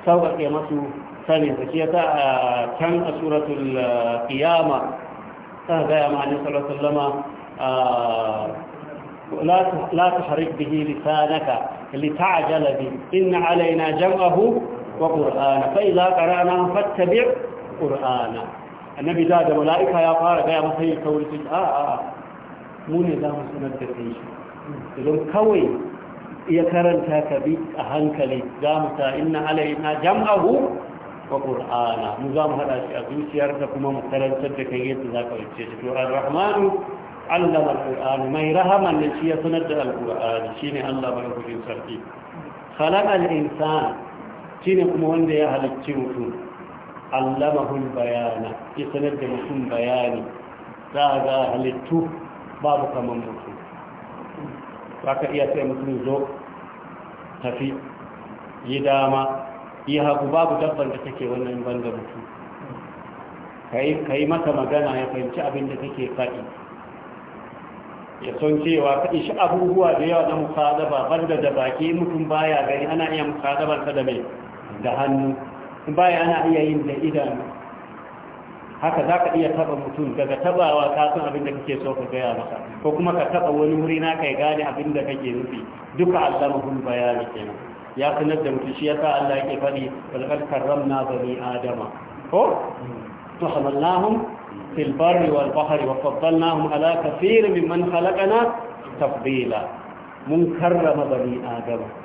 سوف قيامته ثانية فشية كان سورة القيامة تهدى آه، مع النبي صلى الله عليه وسلم آه، لا تحرك به لسانك لتعجل به إن علينا جمعه وقرآن فإذا قرأنا فاتبع قرآن النبي زاد ملائكة يا قارب يا مسيح كوري سيد آه آآ آه، مون إذا مسنا الدرسيش إذن كوي ya karanta ka bi a hankali za mu ta inna alaina jam'ahu wa qur'ana mu za mu hada shi a zuciyar da kuma mu karanta da kai yadda za ka wuce shi to ar-rahmanu allama al-qur'ana mai rahaman ne shi ya sanar da al-qur'ani shine Allah mai hukumin sarki khalaqa al-insan shine kuma wanda ya halicci mutum allamahu al-bayana ya sanar da mutum bayani za ga halittu babu kaman mutum za ka iya sai mutum zo tafi yi dama yi haku babu dabban da take wannan banda mutu ka yi mata magana ya fahimci abin da take faɗi ya son cewa ka ishi abubuwa da yawa na musadaba banda da baki mutum baya gani ana iya ka da mai da hannu baya ana iya yin da idanu haka za ka iya taba mutum daga tabawa ka san abin da kake so ka gaya masa ko kuma ka taba wani wuri na kai gane abin da kake nufi duka allamahul bayani kenan ya sanar da mutum shi yasa Allah yake faɗi walqad karramna bani adama ko to hamalnahum fil barri wal bahri wa faddalnahum ala kathir mimman khalaqana tafdila mun karrama bani adama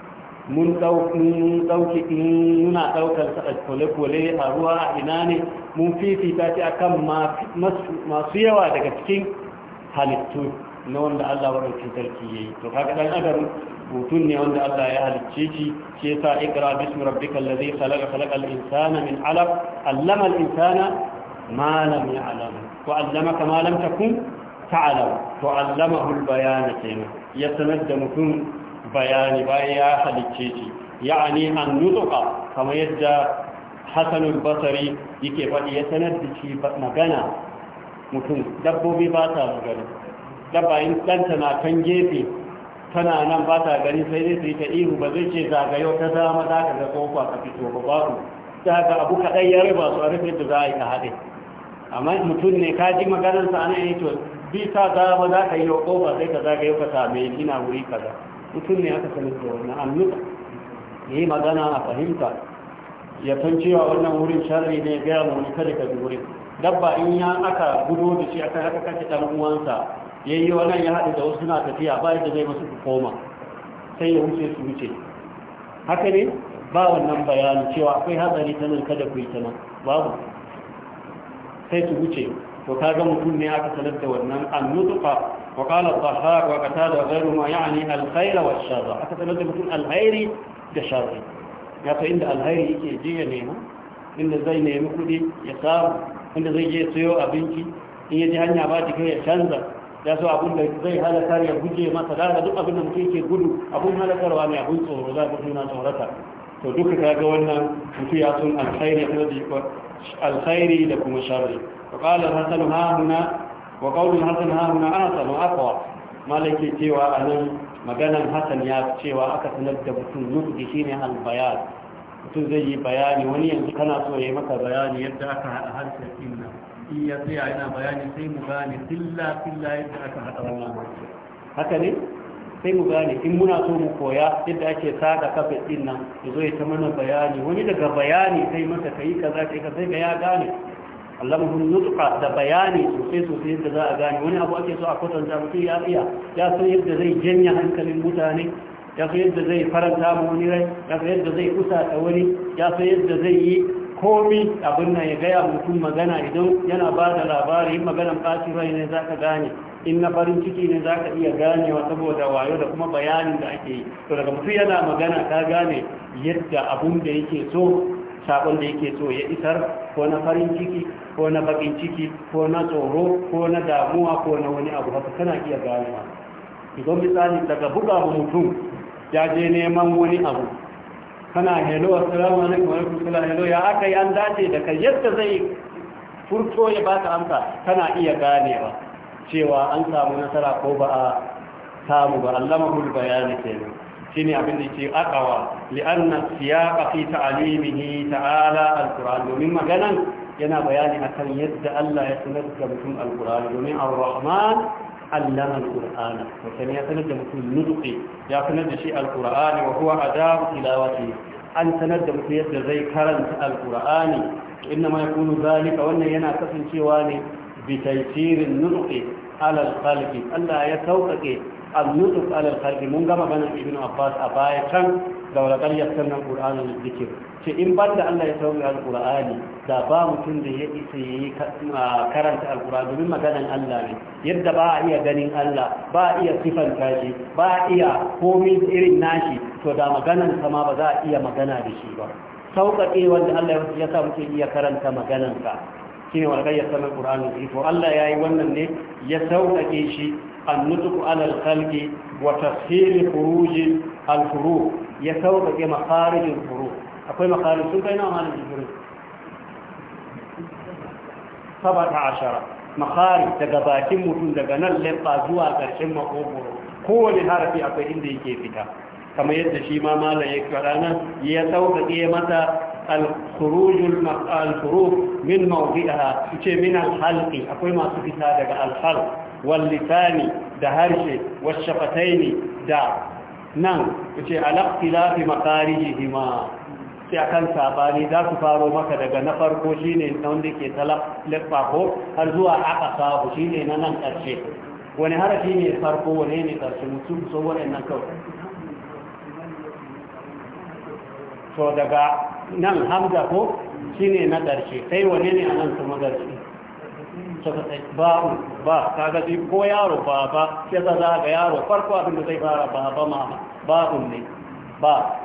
mun ɗauki muna ɗaukar sa a kwale-kwale a ruwa a ina ne mun fifita ta akan masu yawa daga cikin halittu na wanda Allah waɗauki sarki ya yi to kaga ɗan adam mutum ne wanda Allah ya halicce shi shi yasa ikra bismi rabbikal ladhi khalaqa khalaqal insana min alaq allama al insana ma lam ya'lam wa allamaka ma lam takun ta'lam to allamahu al bayana kenan ya sanar da mutum bayani bayan ya halicce shi ya'ani an nutuka kamar yadda hasanul basari yake faɗi ya sanar da shi magana mutum dabbobi ba ta gani dabba in ɗanta na kan gefe tana nan ba ta gani sai dai su yi ta ihu ba zai ce zagayo ta zama za ka ga tsofa ka fito ba babu ta ga abu kaɗai ya riba su a rufe da za a yi ka haɗe amma mutum ne ka ji maganarsa ana yi to bi ta zama za ka yi wa ƙofa sai ka zagayo ka same ni ina wuri kaza mutum ne aka sani da wannan annuka ya yi magana a fahimta ya san cewa wannan wurin sharri ne gaya ma wani kada ka bi wurin dabba in ya aka gudu da shi aka haka kashe ɗan uwansa ya yi wannan ya haɗu da wasu suna tafiya ba yadda zai musu koma sai ya wuce su wuce haka ne ba wannan bayani cewa akwai hatsari ta nan kada ku yi ta nan babu sai su wuce to kaga mutum ne aka sanar da wannan annutuka وقال الضحاك وقتادة وغيرهما يعني الخير والشر حتى تنزل مثل الخير كشر يعني عند الخير يجي جي نيمة عند زي نيمة كدي يسار عند زي جي سيو أبنكي إن يجي هنيا باجي كي يشنزل ya so abin da zai halakar ya guje masa da duk abin da mutum ke gudu abin halakarwa ne abin tsoro za ka suna tsorata to duka ka ga wannan mutum ya sun alkhairi da alkhairi da kuma sharri wa qala hasan wa qaulul Hassan Hamuna ana ahsan wa aqwa malaki cewa nan maganan Hassan ya cewa aka sanar da mutum nutsi shine al bayan mutum zai yi bayani wani yanzu kana so ya yi maka bayani yadda aka haɗa harshen inna in ya tsaya yana bayani sai mu gane filla filla yadda aka haɗa wannan harshen haka ne sai mu gane in muna so mu koya yadda ake saka kafa ɗin nan ya zo ya ta mana bayani wani daga bayani sai kai ka yi kaza kai ka sai ga ya gane allamahu nutqa da bayani sosai sosai yadda za a gane wani abu ake so a kwatanta mutum ya iya ya san yadda zai janya hankalin mutane ya san yadda zai faranta mu wani rai ya san yadda zai kusa ta wani ya san yadda zai yi komi abin nan ya gaya mutum magana idan yana ba da labari maganan ɓacin rai ne za ka gane in na farin ciki ne za ka iya ganewa saboda wayo da kuma bayanin da ake yi to daga mutum yana magana ka gane yadda abun da yake so sakon da yake so ya isar ko na farin ciki ko na bakin ciki ko na tsoro ko na damuwa ko na wani abu haka kana iya ganewa idan misali daga buga mutum ya je neman wani abu kana hello assalamu alaikum wa rahmatullahi hello ya aka yi an dace da kai yadda zai furto ya baka amsa kana iya ganewa cewa an samu nasara ko ba a samu ba allama hul bayani kenan shine abin da ke akawa anna siyaqa fi ta'alimihi ta'ala alquran domin maganan yana bayani akan yadda Allah ya sanar da mutum alkur'ani domin ar-rahman allama alkur'ana mutum ya sanar da mutum nutqi ya sanar da shi alkur'ani wa huwa adabu tilawati an sanar da mutum yadda zai karanta alkur'ani inna ma yakunu zalika wannan yana kasancewa ne bi taysirin nutqi ala al Allah ya sauƙaƙe al-nutq ala al mun gama ganin ibnu abbas a baya can da walakar yakan nan ƙur'ani da zikir ce in ban da Allah ya sauri sauke alƙur'ani da ba mutum da ya isa ya yi karanta alƙur'ani domin maganan Allah ne yadda ba a iya ganin Allah ba a iya sifan shi ba a iya komi irin nashi to da maganan sama ba za a iya magana da shi ba sauƙaƙe wanda Allah ya sa mutum iya karanta maganansa shi ne wargar yasa na ƙuranin to Allah ya yi wannan ne ya sauƙaƙe shi an nutuku alal kalki wa tashiri furuji alfuru ya sauƙaƙe makarijin furu akwai makarijin sun kai na amalin jirgin sabata ashara makari daga bakin mutum daga nan lefa zuwa ƙarshen makogoro kowane harafi akwai inda yake fita kamar yadda shi ma malaye ƙwararren ya sauƙaƙe masa. الخروج الخروج من موضعها تشي من الحلق da ما سفتا دقاء الحلق da دهرش والشفتين دا نعم تشي على اختلاف مقارجهما sai akan sabani za su faro maka daga na farko shine na wanda ke talaffa ko har zuwa aka sabu shine na nan ƙarshe wani harafi ne farko wani ne ƙarshe mutum so wani nan kawai so daga nan hamza ko shine na ƙarshe sai wane ne a nan kuma ƙarshe ba ba ka gaji ko yaro ba ba ya za ga yaro farko abinda zai fara ba ba mama ba ne ba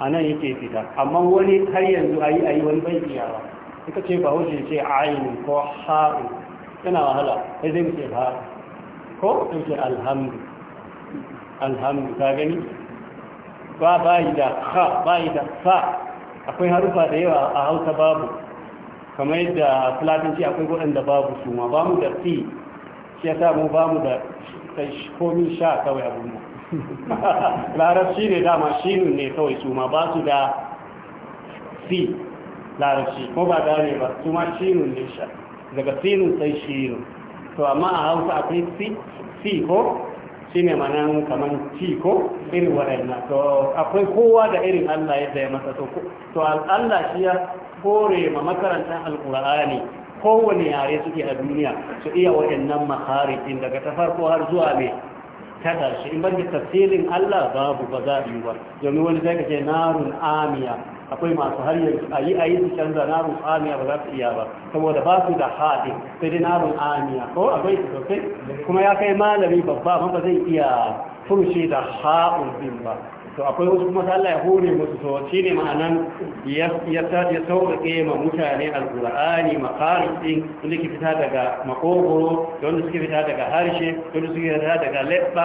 a nan yake fita amma wani har yanzu a yi a yi wani bai iya ba ita ce ba wuce ce ainihin ko ha'in yana wahala ya zai ce ba ko ce alhamdu alhamdu ka gani ba yi da ha bayi da fa akwai harufa da yawa a hausa babu kamar yadda filatinci akwai waɗanda babu su ma ba mu da fi shi ya samu ba mu da komi sha kawai abin mu larabci ne dama shinun ne kawai su ma ba su da fi larabci ko ba gane ba su ma shinun ne sha daga nun sai shinun to amma a hausa akwai fi ko shine manan kamar ci ko irin waɗannan to akwai kowa da irin Allah yadda ya masa to to Allah shi ya kore ma makarantar alqur'ani kowane yare suke a duniya su iya waɗannan makarikin daga ta farko har zuwa mai kada shi in bar da tafsirin Allah babu ba za a yi ba domin wani zai kace narun amiya akwai masu har yanzu a yi a yi su canza narun amiya ba za su iya ba saboda ba su da haɗe sai dai narun amiya ko akwai su sosai kuma ya kai malami babba ba zai iya furushe da ha'un bin ba to akwai wasu kuma Allah ya hore musu to shi ne ma'anan ya sauƙaƙe ma mutane alƙur'ani makarin ɗin wanda ke fita daga makogoro da wanda suke fita daga harshe da wanda suke fita daga leɓɓa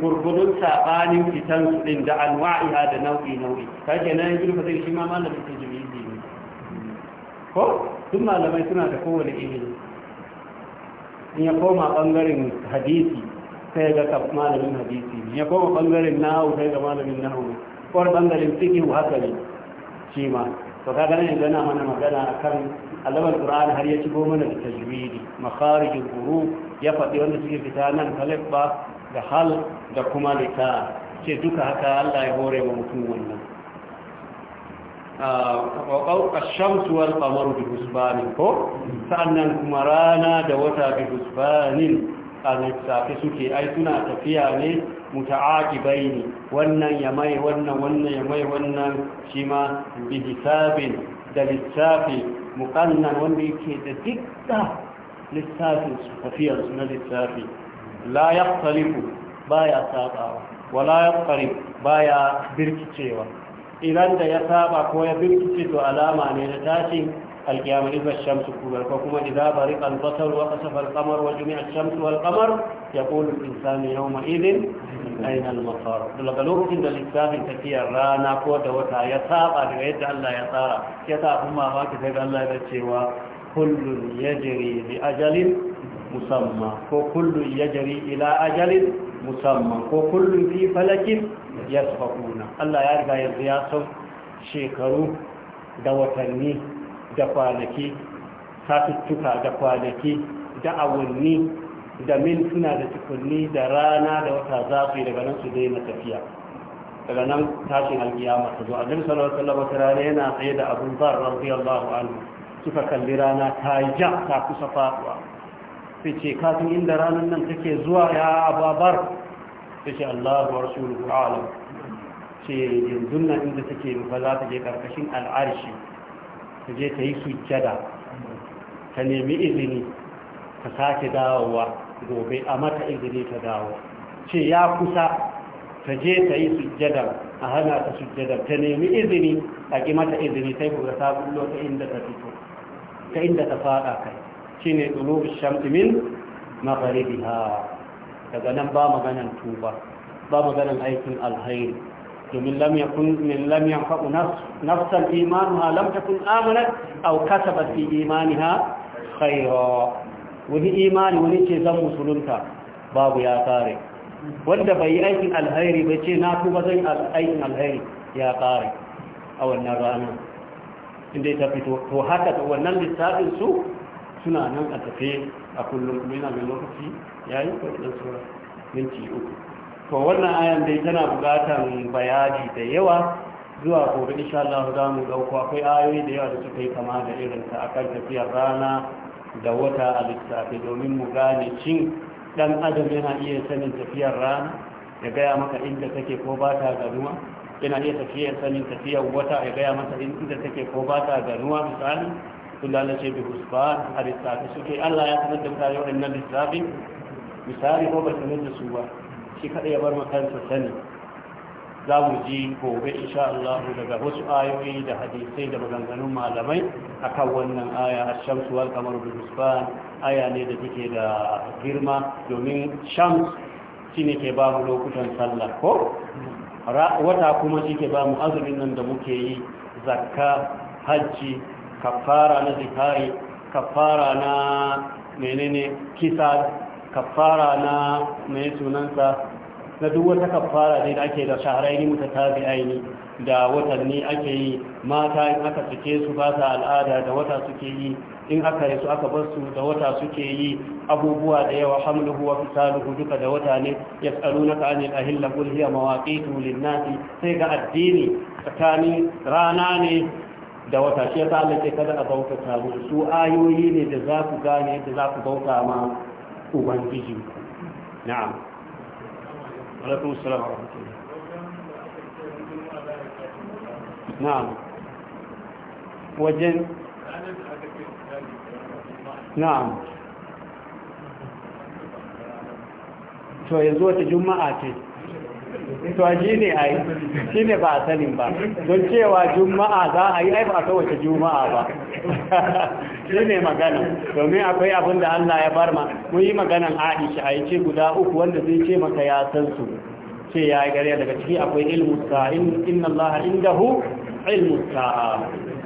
gurgurun saɓanin fitan su ɗin da anwa'i da nau'i nau'i ta ke nan yin fasir shi ma malamin ta jimi'i ne ko duk malamai suna da kowane ilimi in ya koma ɓangaren hadisi sai ga malamin hadisi ne ya koma bangaren nahu sai ga malamin nahu ne ko bangaren fiqh haka ne shi ma to ka nan yanzu gana mana magana akan alamar qur'ani har ya shigo mana da tajwidi makharijul huruf ya faɗi wanda suke fita nan kalibba da hal da kuma lita ce duka haka Allah ya hore wa mutum wannan الشمس والقمر بحسبان ko Sa'an nan kuma rana da wata بحسبان a lissafi suke ai suna tafiya ne muta'aqibai ne wannan ya mai wannan wannan ya mai wannan shi ma bi hisabin da lissafi muqannan wanda yake da dukka lissafin su tafiyar su na lissafi la yaqtalifu baya sabawa wala yaqtarib baya birkicewa idan da ya saba ko ya birkice to alama ne na tashin القيامة إذا الشمس كبرت وكما إذا برق البصر وخسف القمر وجمع الشمس والقمر يقول الإنسان يومئذ أين المصار لقلوه إن الإنسان تكير رانا قوة وتا يساقى بغير الله يسارى يساقى ما فاكتك الله يبتشي كل يجري لأجل مسمى وكل يجري إلى أجل مسمى وكل في فلك يسبقون الله يرجع يزياسه شيكرو da watanni da kwanaki satuttuka da kwanaki da awanni da mintuna da tukunni da rana da wata zafi daga nan su daina tafiya daga nan tashin alkiyama ta zuwa. annabi sallallahu alaihi wasallam rana yana tsaye da Abu Dharr radiyallahu anhu suka kalli rana ta ja ta kusa faduwa sai ce kafin inda ranar nan take zuwa ya ababar sai ce Allahu wa rasuluhu alam ce yanzu nan inda take ba za ta je karkashin al'arshi ta je ta yi sujjada ta nemi izini ka sake dawowa gobe a mata izini ta dawo ce ya kusa ta je ta yi sujjadar a hana ta sujjadar ta nemi izini a mata izini sai ku sabullo ta inda ta fito ta inda ta fada kai shi ne tsulubu shamsimin magharibiha daga nan ba maganan tuba ba maganan aikin alhairi domin lam yakun min lam yanfa'u nafsan imanuha lam takun amanat aw kasabat fi imaniha khaira wani imani wani ce zan musulunta babu ya kare wanda bai yi aikin alheri bai ce na tuba zan aikin alheri ya kare a wannan rana inda ta fito to haka to wannan lissafin su suna nan a tafe a kullum muna mai lokaci yayi ko idan sura minti uku to wannan ayan dai tana bukatan bayani da yawa zuwa gobe insha Allah za mu dauko akwai ayoyi da yawa da suka yi kama da irin ta akan tafiyar rana da wata a lissafi domin mu gane cin dan adam yana iya sanin tafiyar rana ya gaya maka inda take ko ba ta ganuwa yana iya tafiyar sanin tafiyar wata ya gaya maka inda take ko ba ta ganuwa misali sun lalace bi husba a lissafi suke Allah ya sanar da mutane waɗannan lissafi misali ko ba sanar da su ba shi kada ya bar makansa sani za mu ji gobe insha Allah daga wasu ayoyi da hadisai da maganganun malamai akan wannan aya ash-shamsu wal qamaru bil aya ne da take da girma domin shams shine ke ba mu lokutan sallah ko wata kuma shi ke ba mu azumin nan da muke yi zakka hajji kafara na zikari kafara na menene kisa kafara na mai sunansa na duk wata kafara ne da ake da shaharaini aini da watanni ake yi mata in aka cike su ba ta al'ada da wata suke yi in aka yi su aka bar su da wata suke yi abubuwa da yawa hamluhu wa fisaluhu duka da wata ne yas'alunaka anil ahilla qul hiya mawaƙi, lin-nasi sai ga addini tsakanin rana ne da wata shi ya Allah ke kada a bauta ta su ayoyi ne da za ku gane da za ku bauta ma ubangiji na'am وعليكم السلام ورحمة الله نعم وجن نعم to yanzu wata juma'a to shi ne a yi shi ne ba a sanin ba don cewa juma'a za a yi ai a ta wace juma'a ba shi ne magana domin akwai abin da allah ya bar ma mun yi maganan aisha a yi ce guda uku wanda zai ce maka ya san su ce ya yi gariya daga ciki akwai ilmu sa'in inna inda hu ilmu sa'a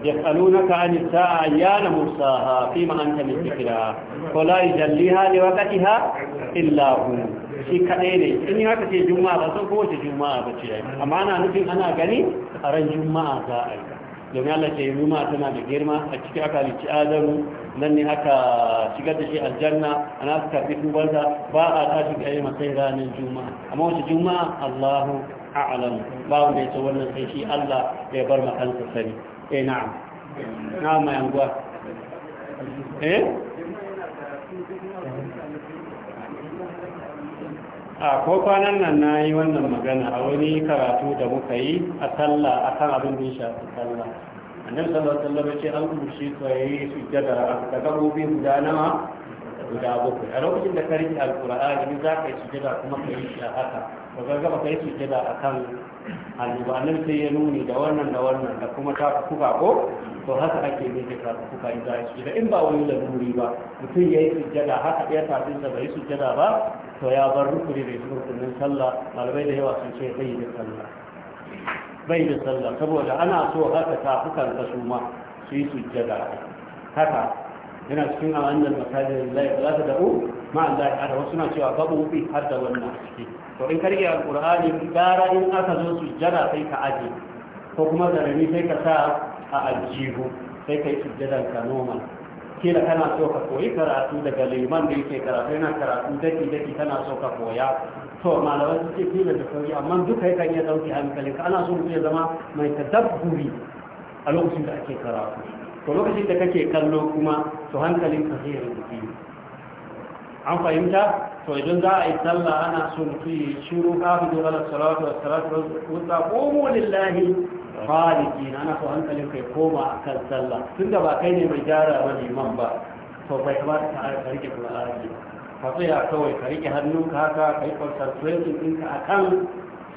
يسألونك عن na أيان مرساها فيما أنت من ذكرها ولا يجليها shi kaɗai ne in yi ka ce juma'a ba sun kowace juma'a ba ce yi amma ana nufin ana gani a ran juma'a za a yi domin Allah ce ruma tana da girma a cikin aka halicci adamu nan ne aka shigar da shi aljanna ana su karbi tubarsa ba a tashi ga yi matsayin ranar juma'a amma wace juma'a Allahu a'alam ba wanda ya ce wannan sai shi Allah ya bar ma kansa sani eh na'am na'am mai anguwa eh a ko kwanan nan na yi wannan magana a wani karatu da muka yi a talla a kan abin da ya shafi a nan sallallahu alaihi wasallam ce an yi su jada a da gabobi guda nama guda bakwai a lokacin da ka rike yi za ka yi su jada kuma ka yi shi a haka ba ka gaba ka yi su jada a kan annabi nan sai ya nuni da wannan da wannan da kuma ta kuka ko to haka ake yi da ta kuka yi. za a yi jada in ba wani laluri ba mutum ya yi sujjada haka ɗaya tafi da bai sujjada ba to ya bar rukuni da cikin rukunin sallah malamai da yawa sun ce bai da sallah bai da sallah saboda ana so haka tafukan ka su ma su yi sujjada haka yana cikin amandan masalin lillahi za ta da'u ma Allah ya wasu na cewa babu bi har da wannan ciki to in karge ƙurani gara in aka zo sujjada sai ka aje ko kuma zarani sai ka sa a aljihu sai ka yi sujjadan ka normal kila kana so ka koyi karatu daga liman da yake karatu yana karatu daki daki kana so ka koya to malamai suke kila da sauri amma duka ya kan iya dauki hankalin ka ana so mutum ya zama mai tadabburi a lokacin da ake karatu to lokacin da kake kallo kuma to hankalin ka sai ya an fahimta to idan za a yi sallah ana so mutum ya shiru kafin dole salatu wa salatu wa ko lillahi khaliki na ana hankalin kai koma akan sallah tun da ba kai ne mai gyara ba liman ba to bai kamata ka rike qur'ani ka tsaya kawai ka rike hannunka haka kai concentration ɗinka akan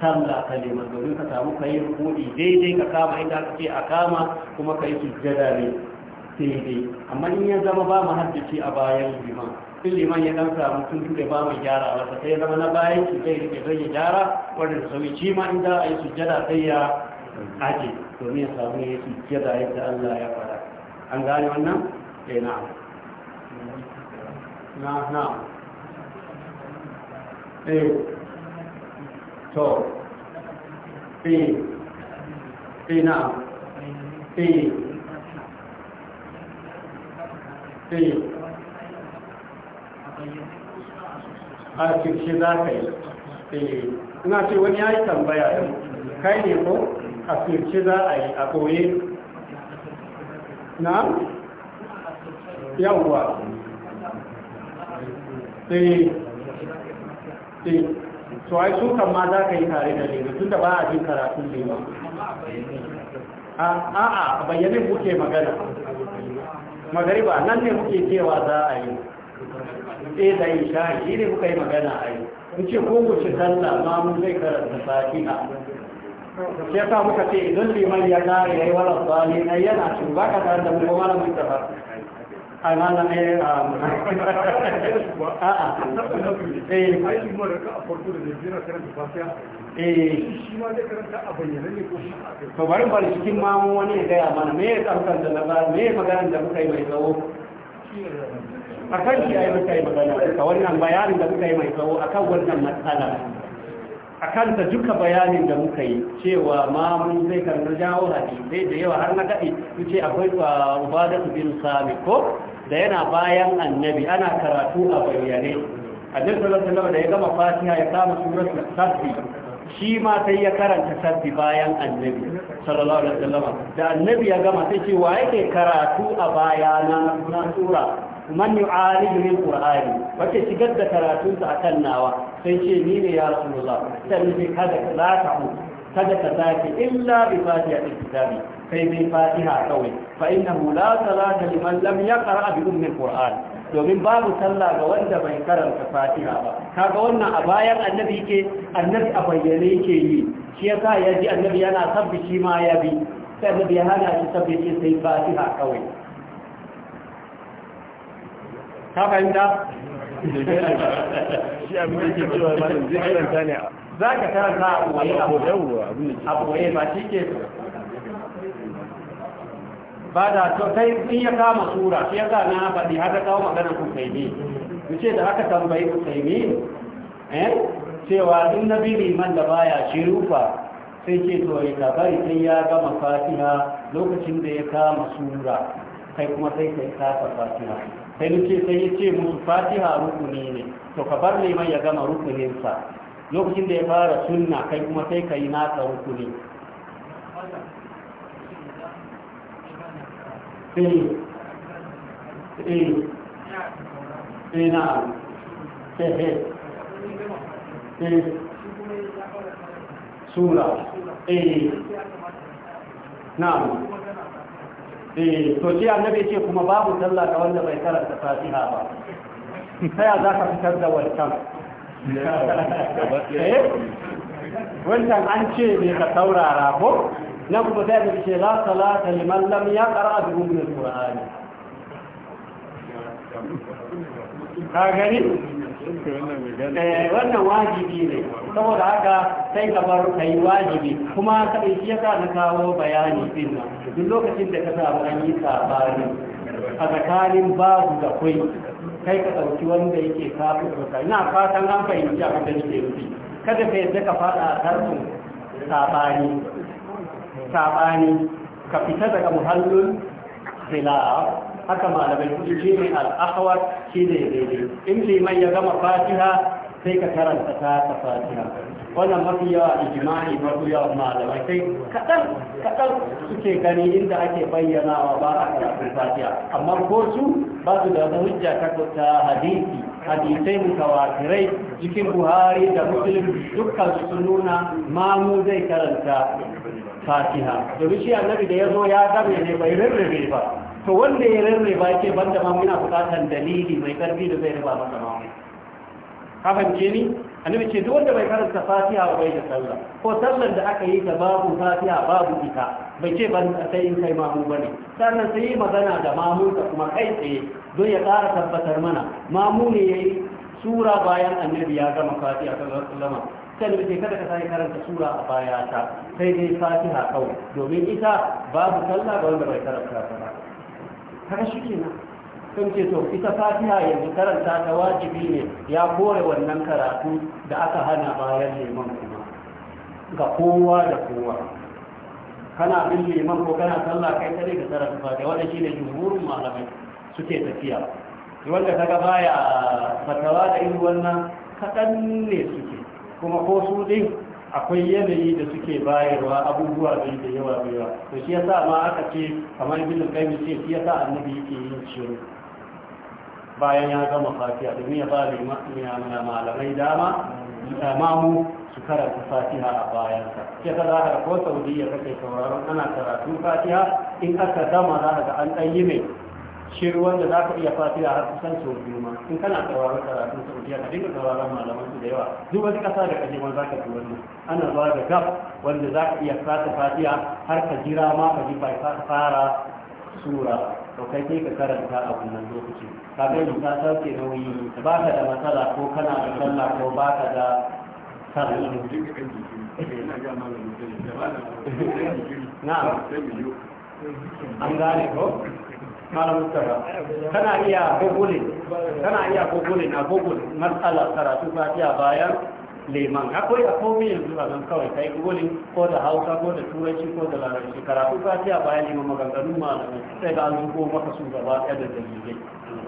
sallah kalimar domin ka samu ka yi rukuni daidai ka kama inda ka ce a kama kuma ka yi sujjada ne daidai amma in ya zama ba mu haddace a bayan liman in liman ya dan samu tun da ba mu gyara masa sai ya zama na bayan shi zai rike zai gyara wanda da sauyi ma inda a yi sujjada sai ya aji domin ya samu ya ci jira yadda Allah ya fara an gane wannan eh na na na eh to eh eh na eh. eh a cikin shi za ka yi eh. ina ce wani ya yi tambaya kai ne ko a firce za a yi a koye na yawwa sai eh. sai eh. to ai su kan ma za ka yi tare da lebe tun da ba a jin karatun lebe a a bayyane kuke magana magariba nan ne kuke cewa za a yi ɗaya eh, da yi shahi ne kuka yi magana a yi kuce ko wuce sallah ma mun zai karanta a shi yasa muka ce idan liman ya yi yayi wala sali na yana shi ba ka tare da mu ko malamin ta ba a malam eh a a a eh ai da ka farko da ne jira karanta fasiya eh shi ma da karanta a bayyana ne ko shi to bari bari cikin ma wani ya gaya mana me ya karkar da na ba me magana da muka yi mai tsawo A kan shi ai muka yi magana ka wannan bayanin da muka yi mai tsawo a akan wannan matsala a kanta duka bayanin da muka yi cewa ma mun zai karnar jawo hadisai da yawa har na kaɗi su ce akwai ubada su bin sami ko da yana bayan annabi ana karatu a bayyane a jirgin da ya gama fatiha ya kama suratul tasbih shi ma sai ya karanta sabbi bayan annabi sallallahu da annabi ya gama sai ce wa yake karatu a bayana na sura man yu'alij min qur'ani wace shigar da karatunsa a akan nawa sai ce ni ne ya rasulullah sai ni kada kada ka sake illa bi fatihatil kitabi sai bi fatiha kawai fa innahu la salata liman lam yaqra bi ummi qur'an domin babu sallah ga wanda bai karanta fatiha ba kaga wannan a bayan annabi ke? annabi a bayyane yake yi shi yasa ya ji annabi yana sabbi shi ma ya bi sai annabi ya hana shi sabbi sai fatiha kawai ka fahimta shi abin za ka karanta a ɓoye a ba shi ke ba da to kai in ya kama sura shi ya na faɗi har da kawo maganar kusaimi ku ce da aka tambayi kusaimi ne? Eh, cewa in na biri man da baya shiru fa sai ke to ya labari sai ya gama fatiha lokacin da ya kama sura kai kuma sai ka kai kasa fatiha sai nace sai ya ce musu fatiha rukuni ne to ka bar liman ya gama rukuninsa lokacin da ya fara sunna kai kuma sai ka yi nasa rukuni eh, eh, eh, sura eh na'am Eh, to sai annabi ce kuma babu sallah ga wanda bai karanta fatiha ba sai ya zaka fitar da wancan eh? Eh? wancan an ce ne ka saurara ko na kuma sai ka ce la salata liman lam yaqra bi ummil qur'ani ka gani Eh, wannan wajibi ne saboda haka sai ka bar ka wajibi kuma ka shi yasa na kawo bayani din duk lokacin da ka samu an yi sabani a tsakanin babu da kai kai ka ɗauki wanda yake kafin ka ina fatan an fahimci abin da yake yi kada ka yadda ka faɗa a tarkin sabani sabani ka fita daga muhallin khilaf haka malamai kudu shi ne al'akawar shi ne daidai in liman ya gama fatiha sai ka karanta ta ta fatiha wannan mafi yawa ijma'i mafi yawa malamai sai kaɗan suke gani inda ake bayyanawa ba a karatun fatiha amma ko su ba su da hujja ta ta hadisi hadisai mutawatirai cikin buhari da muslim dukkan su nuna mamu zai karanta fatiha domin shi annabi da ya zo ya gane ne bai rarrabe ba to wanda ya rarraba ke banda ma muna bukatar dalili mai karfi da zai riba masa mawai Ka ce ni annabi ce duk wanda bai karanta fatiha ba bai da sallah ko sallar da aka yi ta babu fatiha babu ita bai ce ban sai in kai mamu bane sannan sai yi magana da mamu ka kuma kai tsaye don ya ƙara tabbatar mana mamu ne yayi sura bayan annabi ya gama fatiha ta alaihi sai da kada ka sai karanta sura a baya ta sai dai fatiha kawai domin ita babu sallah ga wanda bai karanta ta ba kaga shi kenan sun ce to ita fatiha yanzu karanta ta wajibi ne ya kore wannan karatu da aka hana bayan neman kuma ga kowa da kowa kana bin liman ko kana sallah kai tare da tsara fatiha wanda shi ne jumhurin malamai suke tafiya wanda kaga baya fatawa da irin wannan kadan ne suke kuma ko su din akwai yanayi da suke bayarwa abubuwa bai da yawa da yawa to shi yasa ma aka ce kamar ibn al-qayyim ce shi yasa annabi yake yin shiru bayan ya gama fatiha domin ya ba mai malamai dama eh, mamu su karanta fatiha a bayansa ya ka ko saudiya kake sauraron ana karatu fatiha in aka gama za ka ga an ɗan yi mai shi ruwan da za ka iya fatiya har kusan sau biyu ma in kana karatu karatun saudiya ka dinga sauraron malaman su da yawa duk wani kasa da kaje wani za ka fi wannan ana ba da gab wanda za ka iya fata fatiya har ka jira ma ka ji bai fara sura to kai sai ka karanta a wannan lokaci ka ga ka sauke nauyi ba ka da matsala ko kana da sallah ko ba ka da sallah eh, na'am an gane ko malam mustafa kana iya google kana iya google na google matsala karatu fatiha bayan liman akwai a yanzu a nan kawai kai google ko da hausa ko da turanci ko da larabci karatu fatiha bayan liman maganganu malamai sai da an zuko maka su gaba ɗaya da dalilai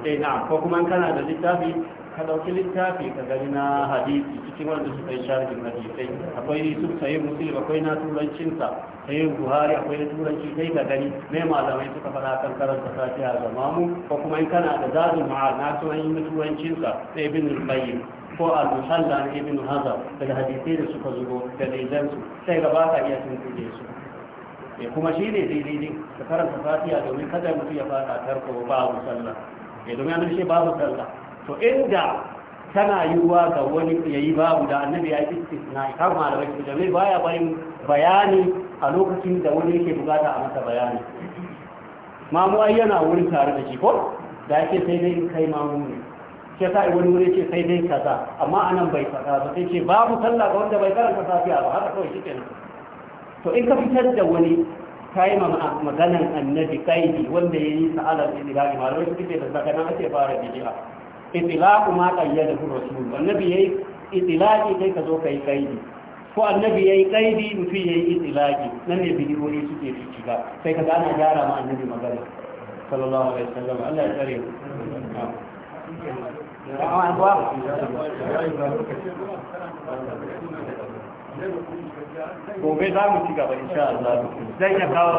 sai eh, na ko kuma kana da littafi ka dauki littafi ka gani na hadisi cikin wanda suka yi sharhin hadisai akwai su sai muslim akwai na turancin sa sai buhari akwai na turanci sai ka gani me malamai suka fara kan karanta fatiha ga mamu ko kuma in kana da zadul ma'ad na sunan turancin sa sai ibn al-qayyim ko al na ibn hazar daga hadisai da suka zuro da daidansu sai gaba ka iya kuje su ya eh, kuma shi ne daidai ne ka karanta fatiha domin kada mutum ya fara tarko babu sallah ya eh, domin annabi shi babu sallah to inda tana yiwuwa ga wani ya yi babu da annabi ya yi istisna kan malamai su jami'ai baya bayin bayani a lokacin da wani yake bugata a masa bayani mamu ai yana wurin tare da shi ko da yake sai dai in kai mamu ne ke sa wani wuri ce sai dai kaza amma anan bai faɗa ba sai ce babu sallah ga wanda bai karanta safiya ba haka kawai shike to in ka fitar da wani kai ma maganan annabi kaidi wanda yayi sa'alar ilahi malamai kike da zakana ake fara bid'a itlaqu ma qayyadahu rasul annabi yayi itlaqi kai ka zo kai kaidi ko annabi yayi kaidi mutum yayi itlaqi nan ne bidiyoyi suke shiga sai ka gana gyara ma annabi magana sallallahu alaihi wasallam Allah ya tsare za mu ci gaba insha Allah zai ya kawo